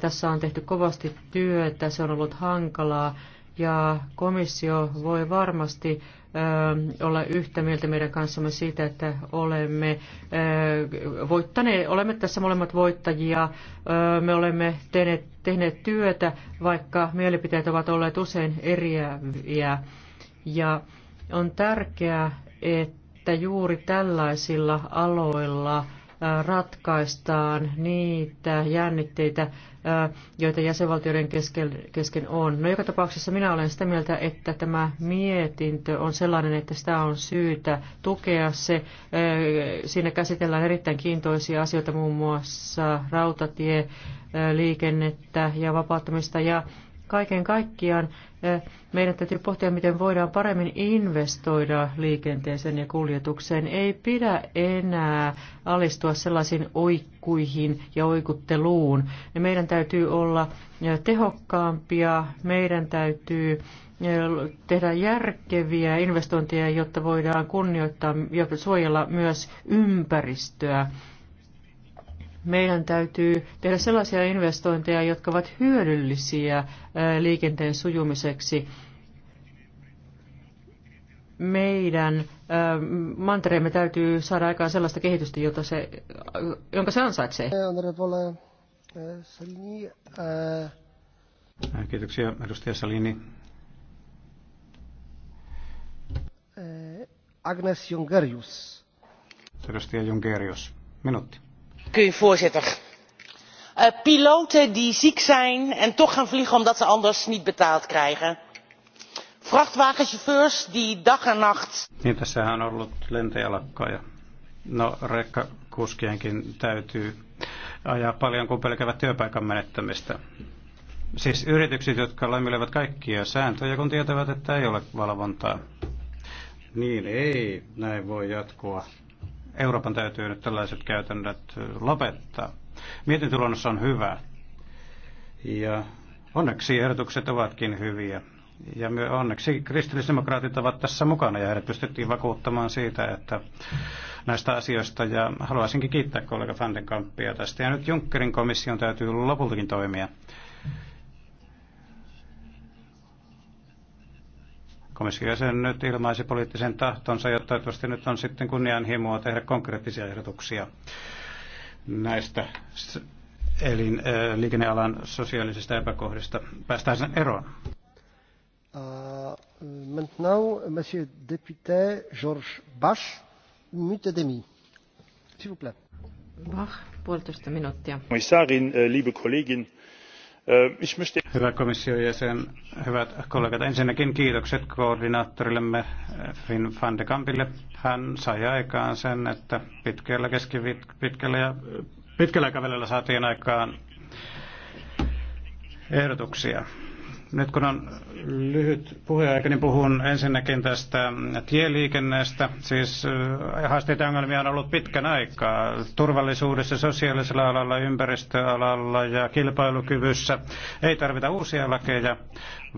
S2: Tässä on tehty kovasti työtä, se on ollut hankalaa ja komissio voi varmasti olla yhtä mieltä meidän kanssamme siitä, että olemme, voittaneet, olemme tässä molemmat voittajia. me olemme tehneet, tehneet työtä, vaikka mielipiteet ovat olleet usein eriäviä. Ja on tärkeää, että että juuri tällaisilla aloilla äh, ratkaistaan niitä jännitteitä, äh, joita jäsenvaltioiden kesken, kesken on. No joka tapauksessa minä olen sitä mieltä, että tämä mietintö on sellainen, että sitä on syytä tukea. Se, äh, siinä käsitellään erittäin kiintoisia asioita, muun muassa rautatie, liikennettä ja vapauttamista ja kaiken kaikkiaan meidän täytyy pohtia, miten voidaan paremmin investoida liikenteeseen ja kuljetukseen. Ei pidä enää alistua sellaisiin oikkuihin ja oikutteluun. Meidän täytyy olla tehokkaampia, meidän täytyy tehdä järkeviä investointeja, jotta voidaan kunnioittaa ja suojella myös ympäristöä meidän täytyy tehdä sellaisia investointeja, jotka ovat hyödyllisiä liikenteen sujumiseksi. Meidän mantereemme täytyy saada aikaan sellaista kehitystä, jota se, jonka se ansaitsee.
S1: Kiitoksia, edustaja Salini.
S3: Agnes Jungerius.
S1: Edustaja Jungerius, minuutti
S3: voorzitter eh, piloten die ziek zijn en toch gaan vliegen omdat ze anders niet betaald krijgen vrachtwagenchauffeurs die dag en nacht.
S1: Niin, tässähän on ollut lentäjälakkoja. No, rekkakuskienkin täytyy ajaa paljon, kun pelkävät työpaikan menettämistä. Siis yritykset, jotka laiminlyövät kaikkia sääntöjä, kun tietävät, että ei ole valvontaa. Niin ei, näin voi jatkua. Euroopan täytyy nyt tällaiset käytännöt lopettaa. Mietintöluonnossa on hyvä ja onneksi ehdotukset ovatkin hyviä. Ja me onneksi kristillisdemokraatit ovat tässä mukana ja heidät pystyttiin vakuuttamaan siitä, että näistä asioista. Ja haluaisinkin kiittää kollega Fandenkampia tästä. Ja nyt Junckerin komission täytyy lopultakin toimia. Komission jäsen nyt ilmaisi poliittisen tahtonsa ja toivottavasti nyt on sitten kunnianhimoa tehdä konkreettisia ehdotuksia näistä eli liikennealan sosiaalisista epäkohdista. Päästään sen eroon.
S3: Uh, maintenant, monsieur député Georges Bach, minute et demie. S'il vous plaît. Bach,
S5: puolitoista minuuttia.
S1: Kommissarin, liebe Kollegin, Hyvä komission jäsen, hyvät kollegat. Ensinnäkin kiitokset koordinaattorillemme Finn van de Kampille. Hän sai aikaan sen, että pitkällä, keskivit, pitkällä, ja, pitkällä aikavälillä saatiin aikaan ehdotuksia. Nyt kun on lyhyt puheaika, niin puhun ensinnäkin tästä tieliikenneestä. Siis äh, haasteita ja ongelmia on ollut pitkän aikaa turvallisuudessa, sosiaalisella alalla, ympäristöalalla ja kilpailukyvyssä. Ei tarvita uusia lakeja,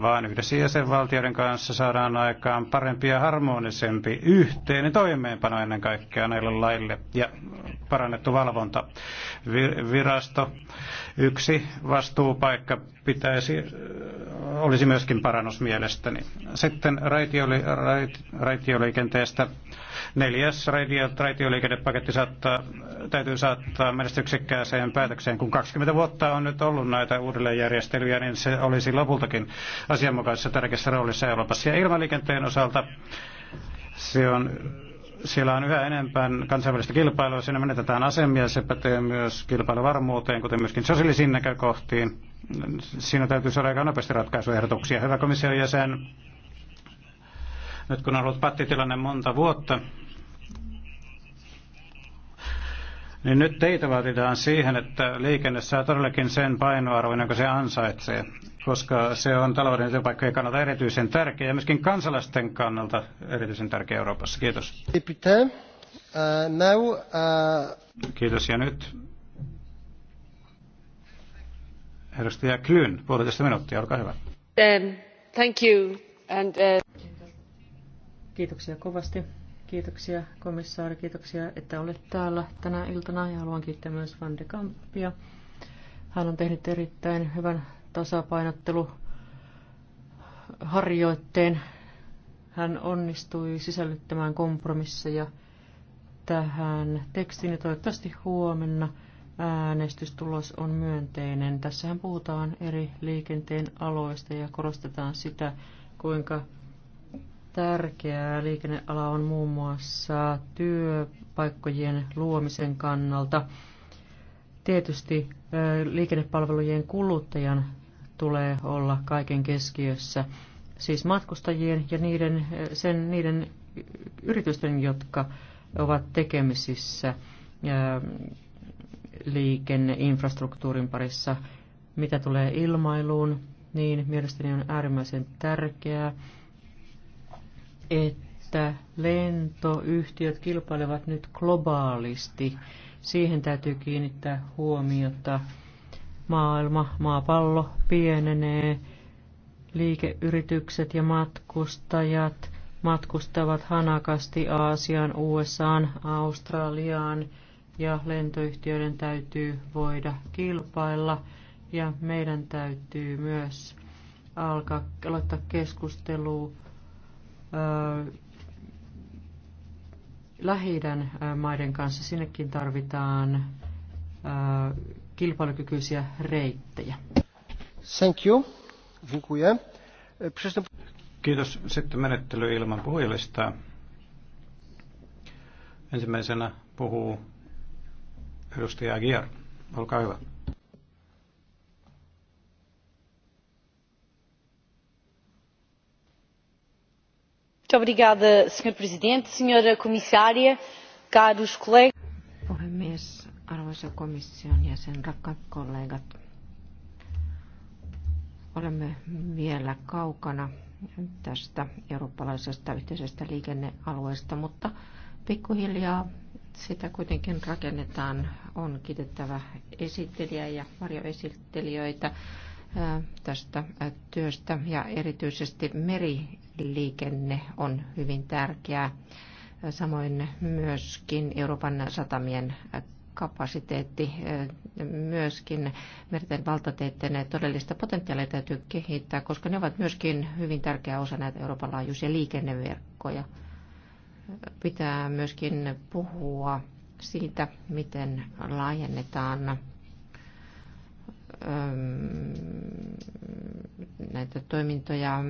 S1: vaan yhdessä jäsenvaltioiden kanssa saadaan aikaan parempi ja harmonisempi yhteinen toimeenpano ennen kaikkea näille laille ja parannettu valvonta. Virasto yksi vastuupaikka pitäisi, olisi myöskin parannus mielestäni. Sitten raitioli, rait, raitioliikenteestä. Neljäs raitio, raitioliikennepaketti saattaa, täytyy saattaa menestyksekkääseen päätökseen. Kun 20 vuotta on nyt ollut näitä uudelleenjärjestelyjä, niin se olisi lopultakin asianmukaisessa tärkeässä roolissa Euroopassa. Ja ilmaliikenteen osalta se on, siellä on yhä enemmän kansainvälistä kilpailua, siinä menetetään asemia, se pätee myös kilpailuvarmuuteen, kuten myöskin sosiaalisiin näkökohtiin. Siinä täytyy saada aika nopeasti ratkaisuehdotuksia. Hyvä komission jäsen, nyt kun on ollut pattitilanne monta vuotta, niin nyt teitä vaaditaan siihen, että liikenne saa todellakin sen painoarvon, jonka se ansaitsee, koska se on talouden työpaikkojen kannalta erityisen tärkeä ja myöskin kansalaisten kannalta erityisen tärkeä Euroopassa. Kiitos.
S3: Uh, uh, Kiitos ja nyt
S1: edustaja Klyn, puolitoista minuuttia, olkaa hyvä.
S2: Um, thank you and, uh, Kiitoksia kovasti. Kiitoksia komissaari, kiitoksia, että olet täällä tänä iltana ja haluan kiittää myös Van de Kampia. Hän on tehnyt erittäin hyvän tasapainotteluharjoitteen. Hän onnistui sisällyttämään kompromisseja tähän tekstiin ja toivottavasti huomenna äänestystulos on myönteinen. Tässähän puhutaan eri liikenteen aloista ja korostetaan sitä, kuinka tärkeää liikenneala on muun muassa työpaikkojen luomisen kannalta. Tietysti liikennepalvelujen kuluttajan tulee olla kaiken keskiössä, siis matkustajien ja niiden, sen, niiden yritysten, jotka ovat tekemisissä liikenneinfrastruktuurin parissa. Mitä tulee ilmailuun, niin mielestäni on äärimmäisen tärkeää, että lentoyhtiöt kilpailevat nyt globaalisti. Siihen täytyy kiinnittää huomiota. Maailma, maapallo pienenee, liikeyritykset ja matkustajat matkustavat hanakasti Aasiaan, USAan, Australiaan ja lentoyhtiöiden täytyy voida kilpailla ja meidän täytyy myös alkaa aloittaa keskustelua lähi maiden kanssa. Sinnekin tarvitaan kilpailukykyisiä reittejä. Thank you. Dziękuję. E,
S1: Kiitos. Sitten menettely ilman puhujalistaa. Ensimmäisenä puhuu edustaja Agiar. Olkaa hyvä.
S2: Senhor presidente, senhora komissaria, caros kollegat. Puhemies,
S5: rakkaat kollegat. Olemme vielä kaukana tästä eurooppalaisesta yhteisestä liikennealueesta, mutta pikkuhiljaa sitä kuitenkin rakennetaan. On kiitettävä esittelijä ja varjoesittelijöitä tästä työstä ja erityisesti meriliikenne on hyvin tärkeää. Samoin myöskin Euroopan satamien kapasiteetti, myöskin merten valtateiden todellista potentiaalia täytyy kehittää, koska ne ovat myöskin hyvin tärkeä osa näitä Euroopan laajuisia liikenneverkkoja. Pitää myöskin puhua siitä, miten laajennetaan näitä toimintoja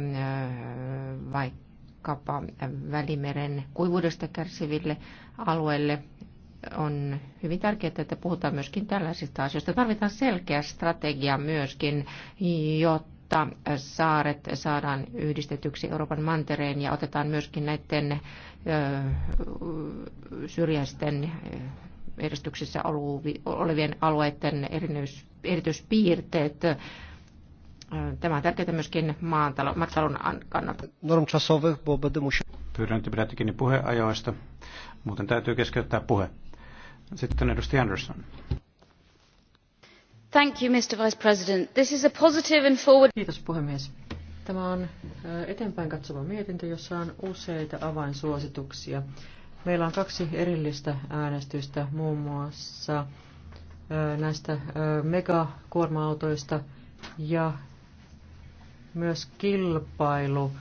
S5: vaikkapa Välimeren kuivuudesta kärsiville alueille. On hyvin tärkeää, että puhutaan myöskin tällaisista asioista. Tarvitaan selkeä strategia myöskin, jotta saaret saadaan yhdistetyksi Euroopan mantereen ja otetaan myöskin näiden syrjäisten edistyksessä olevien alueiden erinäys, erityispiirteet. Tämä on tärkeää myöskin maatalon kannalta.
S1: Pyydän, että pidätte kiinni puheajoista. Muuten täytyy keskeyttää puhe. Sitten edustaja Anderson.
S2: Thank you, Mr. Vice President. This is a positive and forward... Kiitos puhemies. Tämä on eteenpäin katsova mietintö, jossa on useita avainsuosituksia. Meillä on kaksi erillistä äänestystä, muun muassa näistä megakuorma-autoista ja myös kilpailu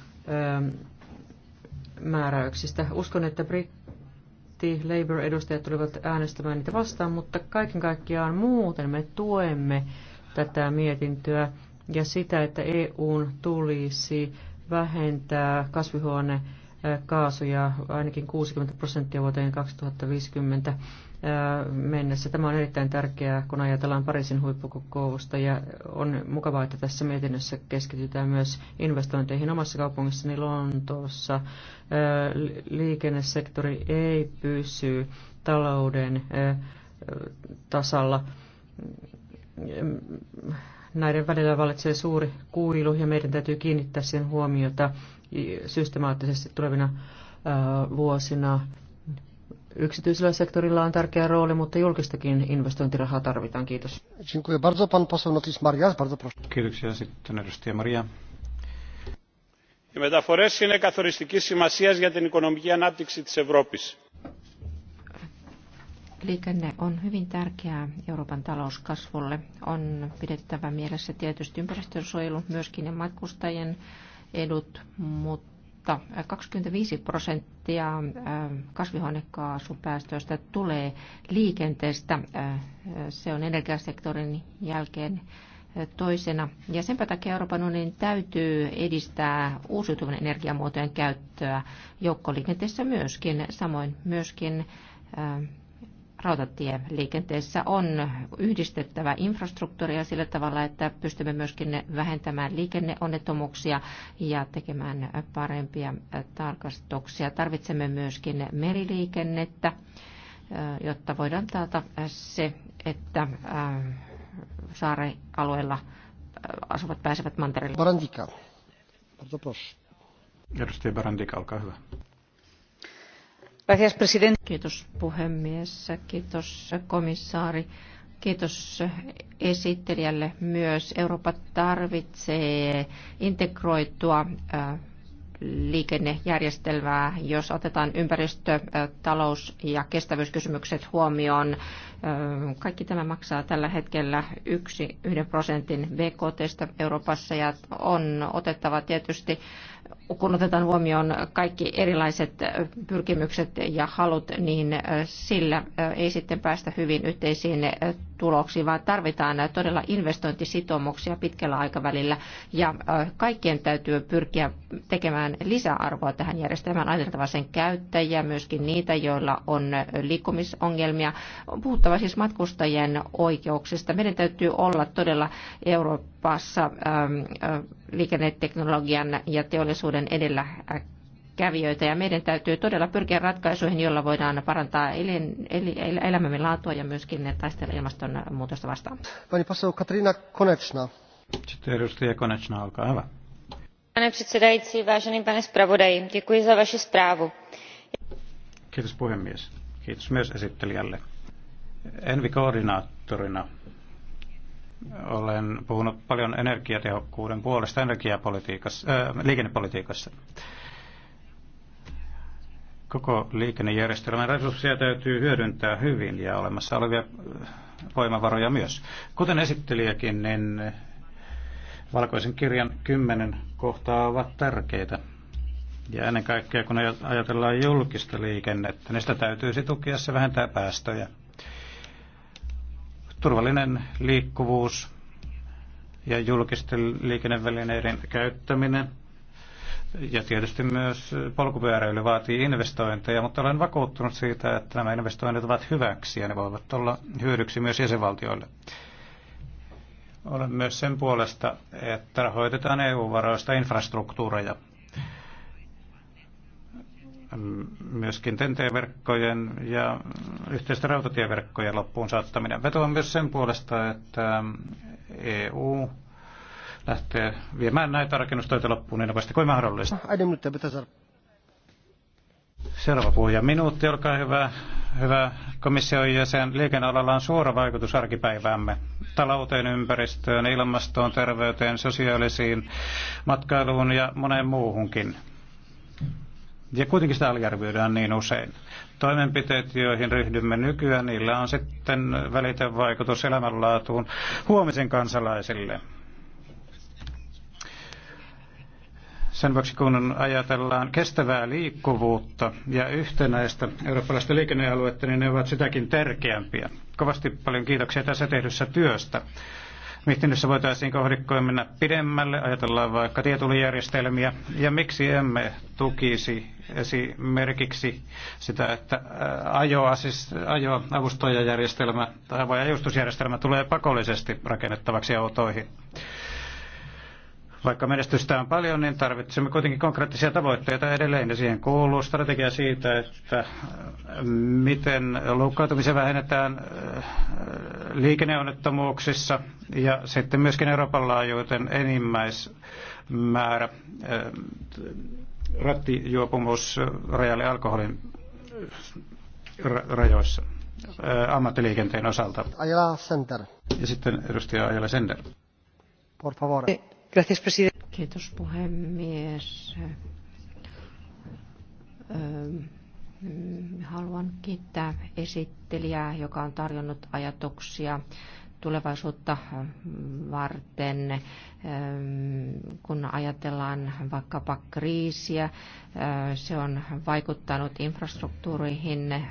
S2: määräyksistä. Uskon, että britti Labour-edustajat tulivat äänestämään niitä vastaan, mutta kaiken kaikkiaan muuten me tuemme tätä mietintöä ja sitä, että EUn tulisi vähentää kasvihuone kaasuja ainakin 60 prosenttia vuoteen 2050 mennessä. Tämä on erittäin tärkeää, kun ajatellaan Pariisin huippukokousta ja on mukavaa, että tässä mietinnössä keskitytään myös investointeihin omassa kaupungissani Lontoossa. Liikennesektori ei pysy talouden tasalla. Näiden välillä valitsee suuri kuilu ja meidän täytyy kiinnittää sen huomiota systemaattisesti tulevina vuosina Yksityisellä sektorilla on tärkeä rooli, mutta julkistakin investointirahaa tarvitaan. Kiitos.
S3: Kiitoksia. Sitten edustaja Maria.
S1: Οι μεταφορές είναι καθοριστικής σημασίας για την οικονομική ανάπτυξη της Ευρώπης.
S5: Liikenne on hyvin tärkeää Euroopan talouskasvulle. On pidettävä mielessä tietysti ympäristönsuojelu myöskin ne matkustajien edut, mutta mutta 25 äh, prosenttia äh, kasvihuonekaasupäästöistä tulee liikenteestä. Äh, se on energiasektorin jälkeen toisena. Ja sen takia Euroopan unionin täytyy edistää uusiutuvan energiamuotojen käyttöä joukkoliikenteessä myöskin, samoin myöskin rautatieliikenteessä on yhdistettävä infrastruktuuria sillä tavalla, että pystymme myöskin vähentämään liikenneonnettomuuksia ja tekemään parempia tarkastuksia. Tarvitsemme myöskin meriliikennettä, jotta voidaan taata se, että äh, saarialueella äh, asuvat pääsevät mantereelle. Barandika,
S1: Edustaja Barandika, olkaa hyvä.
S5: Kiitos puhemies, kiitos komissaari, kiitos esittelijälle myös. Eurooppa tarvitsee integroitua liikennejärjestelmää, jos otetaan ympäristö, talous ja kestävyyskysymykset huomioon. Kaikki tämä maksaa tällä hetkellä yksi, yhden prosentin BKTstä Euroopassa ja on otettava tietysti kun otetaan huomioon kaikki erilaiset pyrkimykset ja halut, niin sillä ei sitten päästä hyvin yhteisiin tuloksiin, vaan tarvitaan todella investointisitoumuksia pitkällä aikavälillä. Ja kaikkien täytyy pyrkiä tekemään lisäarvoa tähän järjestelmään, ajateltava sen käyttäjiä, myöskin niitä, joilla on liikkumisongelmia. On puhuttava siis matkustajien oikeuksista. Meidän täytyy olla todella Euroopassa liikenneteknologian ja teollisuuden edellä äh, kävijöitä ja meidän täytyy todella pyrkiä ratkaisuihin, joilla voidaan parantaa elämämme laatua ja myöskin taistella ilmastonmuutosta vastaan.
S3: Pani poseu Katarina Konečna. Sitten edustaja Konečna, olkaa hyvä.
S5: Pane předsedající, vážený pane zpravodaji, děkuji za vaši zprávu.
S1: Kiitos puhemies. Kiitos myös esittelijälle. Envi-koordinaattorina olen puhunut paljon energiatehokkuuden puolesta energiapolitiikassa, äh, liikennepolitiikassa. Koko liikennejärjestelmän resursseja täytyy hyödyntää hyvin ja olemassa olevia äh, voimavaroja myös. Kuten esittelijäkin, niin valkoisen kirjan kymmenen kohtaa ovat tärkeitä. Ja ennen kaikkea, kun ajatellaan julkista liikennettä, niin sitä täytyisi tukea se vähentää päästöjä. Turvallinen liikkuvuus ja julkisten liikennevälineiden käyttäminen ja tietysti myös polkupyöräily vaatii investointeja, mutta olen vakuuttunut siitä, että nämä investoinnit ovat hyväksi ja ne voivat olla hyödyksi myös jäsenvaltioille. Olen myös sen puolesta, että rahoitetaan EU-varoista infrastruktuureja myöskin TNT-verkkojen ja yhteisten rautatieverkkojen loppuun saattaminen. Vetoan myös sen puolesta, että EU lähtee viemään näitä rakennustöitä loppuun niin nopeasti kuin mahdollista. Selvä puhuja. Minuutti, olkaa hyvä. Hyvä komission jäsen. Liikennealalla on suora vaikutus arkipäiväämme. Talouteen, ympäristöön, ilmastoon, terveyteen, sosiaalisiin, matkailuun ja moneen muuhunkin. Ja kuitenkin sitä aliarvioidaan niin usein. Toimenpiteet, joihin ryhdymme nykyään, niillä on sitten välitön vaikutus elämänlaatuun huomisen kansalaisille. Sen vuoksi kun ajatellaan kestävää liikkuvuutta ja yhtenäistä eurooppalaista liikennealuetta, niin ne ovat sitäkin tärkeämpiä. Kovasti paljon kiitoksia tässä tehdyssä työstä. Mietinnössä voitaisiin kohdikkoja mennä pidemmälle, ajatellaan vaikka tietulijärjestelmiä, ja miksi emme tukisi esimerkiksi sitä, että ajoa, siis ajoavustajajärjestelmä tai avojajustusjärjestelmä tulee pakollisesti rakennettavaksi autoihin. Vaikka menestystä on paljon, niin tarvitsemme kuitenkin konkreettisia tavoitteita edelleen, ja siihen kuuluu strategia siitä, että miten loukkaantumisen vähennetään liikenneonnettomuuksissa ja sitten myöskin Euroopan laajuuden enimmäismäärä eh, rattijuopumusrajalle alkoholin rajoissa eh, ammattiliikenteen osalta. Ajala Center. Ja sitten edustaja
S5: Ajala Sender. Por favor. Eh, gracias, presidente. Kiitos puhemies. Mm, haluan kiittää esittelijää, joka on tarjonnut ajatuksia tulevaisuutta mm, varten, mm, kun ajatellaan vaikkapa kriisiä. Se on vaikuttanut infrastruktuuriin,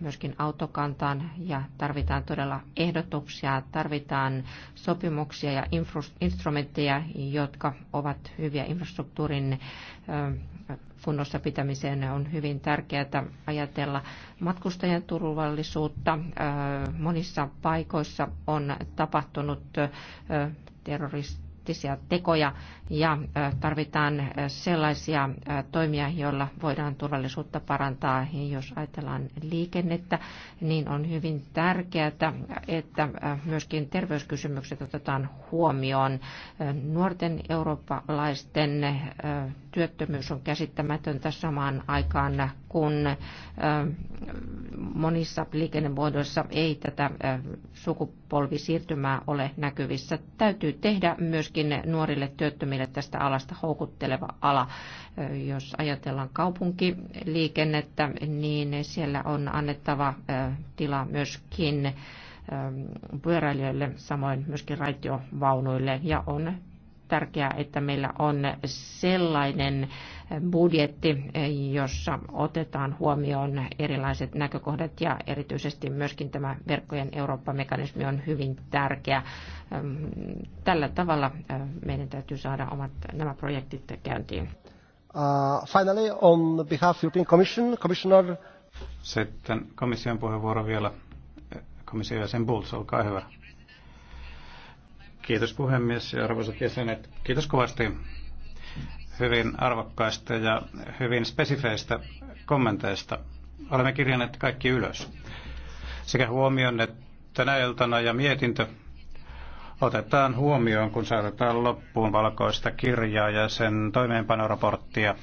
S5: myöskin autokantaan ja tarvitaan todella ehdotuksia, tarvitaan sopimuksia ja instrumentteja, jotka ovat hyviä infrastruktuurin kunnossa pitämiseen on hyvin tärkeää ajatella matkustajien turvallisuutta. Monissa paikoissa on tapahtunut terroristisia tekoja ja tarvitaan sellaisia toimia, joilla voidaan turvallisuutta parantaa. Jos ajatellaan liikennettä, niin on hyvin tärkeää, että myöskin terveyskysymykset otetaan huomioon. Nuorten eurooppalaisten työttömyys on käsittämätöntä samaan aikaan, kun monissa liikennemuodoissa ei tätä sukupolvisiirtymää ole näkyvissä. Täytyy tehdä myöskin nuorille työttömille tästä alasta houkutteleva ala. Jos ajatellaan kaupunkiliikennettä, niin siellä on annettava tila myöskin pyöräilijöille, samoin myöskin raitiovaunuille ja on tärkeää, että meillä on sellainen budjetti, jossa otetaan huomioon erilaiset näkökohdat ja erityisesti myöskin tämä verkkojen Eurooppa-mekanismi on hyvin tärkeä. Ehm, tällä tavalla ehm, meidän täytyy saada omat nämä projektit käyntiin.
S3: Uh, finally, on behalf of European Commission, Commissioner... Sitten
S1: komission puheenvuoro vielä. Komissio ja sen Bulls, olkaa hyvä. Kiitos puhemies ja arvoisat jäsenet. Kiitos kovasti hyvin arvokkaista ja hyvin spesifeistä kommenteista. Olemme kirjanneet kaikki ylös. Sekä huomioon, että tänä iltana ja mietintö otetaan huomioon, kun saatetaan loppuun valkoista kirjaa ja sen toimeenpanoraporttia.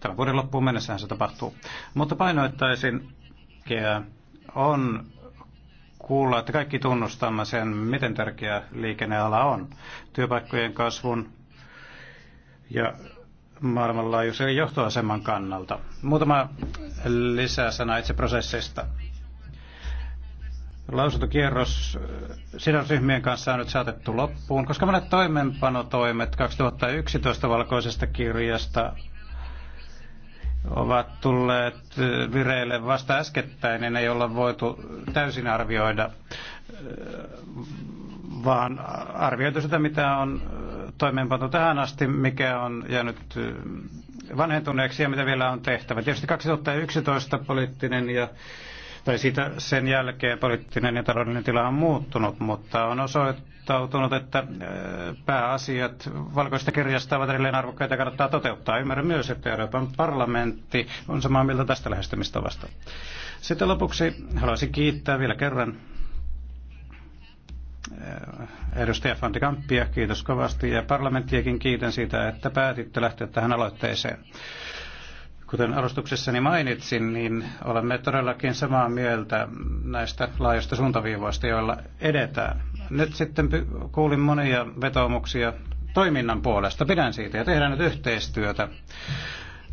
S1: Tämän vuoden loppuun mennessähän se tapahtuu. Mutta painoittaisin, on kuulla, että kaikki tunnustamme sen, miten tärkeä liikenneala on työpaikkojen kasvun ja maailmanlaajuisen johtoaseman kannalta. Muutama sana itse prosessista. Lausuntokierros sidosryhmien kanssa on nyt saatettu loppuun, koska monet toimenpanotoimet 2011 valkoisesta kirjasta ovat tulleet eh, vireille vasta äskettäin, niin ei olla voitu täysin arvioida, eh, vaan arvioitu sitä, mitä on eh, toimeenpantu tähän asti, mikä on jäänyt vanhentuneeksi ja mitä vielä on tehtävä. Tietysti 2011 poliittinen ja tai sen jälkeen poliittinen ja taloudellinen tila on muuttunut, mutta on osoittautunut, että äh, pääasiat valkoista kirjasta ovat edelleen arvokkaita ja kannattaa toteuttaa. Ymmärrän myös, että Euroopan parlamentti on samaa mieltä tästä lähestymistavasta. Sitten lopuksi haluaisin kiittää vielä kerran äh, edustaja Van de kiitos kovasti, ja parlamenttiakin kiitän siitä, että päätitte lähteä tähän aloitteeseen. Kuten alustuksessani mainitsin, niin olemme todellakin samaa mieltä näistä laajoista suuntaviivoista, joilla edetään. Nyt sitten kuulin monia vetoomuksia toiminnan puolesta. Pidän siitä ja tehdään nyt yhteistyötä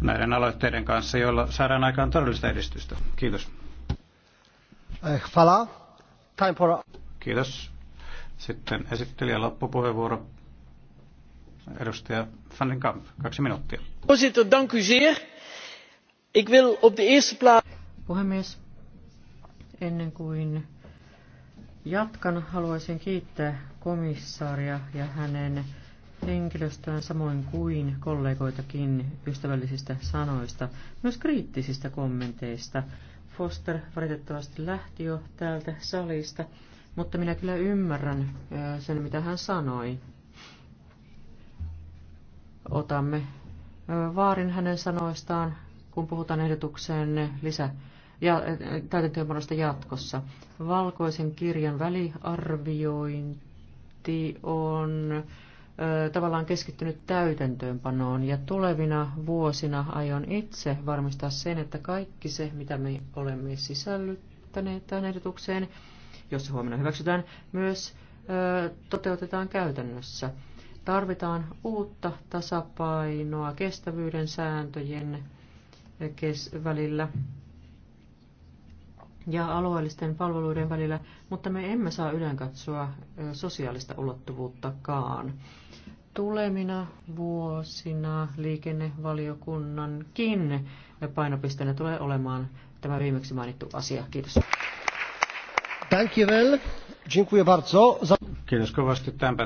S1: näiden aloitteiden kanssa, joilla saadaan aikaan todellista edistystä. Kiitos. Eh, Kiitos. Sitten esittelijä loppupuheenvuoro. Edustaja Fanning Kamp, kaksi minuuttia.
S2: Voorzitter, dank u zeer. Ik wil op de eerste plaats... Puhemies, ennen kuin jatkan, haluaisin kiittää komissaaria ja hänen henkilöstöään samoin kuin kollegoitakin ystävällisistä sanoista, myös kriittisistä kommenteista. Foster valitettavasti lähti jo täältä salista, mutta minä kyllä ymmärrän sen, mitä hän sanoi. Otamme vaarin hänen sanoistaan kun puhutaan ehdotuksen lisä- ja äh, täytäntöönpanosta jatkossa. Valkoisen kirjan väliarviointi on äh, tavallaan keskittynyt täytäntöönpanoon ja tulevina vuosina aion itse varmistaa sen, että kaikki se, mitä me olemme sisällyttäneet tähän ehdotukseen, jos se huomenna hyväksytään, myös äh, toteutetaan käytännössä. Tarvitaan uutta tasapainoa kestävyyden sääntöjen välillä ja alueellisten palveluiden välillä, mutta me emme saa ylen katsoa sosiaalista ulottuvuuttakaan. Tulemina vuosina liikennevaliokunnankin painopisteenä tulee olemaan tämä viimeksi mainittu asia. Kiitos.
S3: Thank you well. Dziękuję bardzo. Kiitos
S1: kovasti. Tämänpä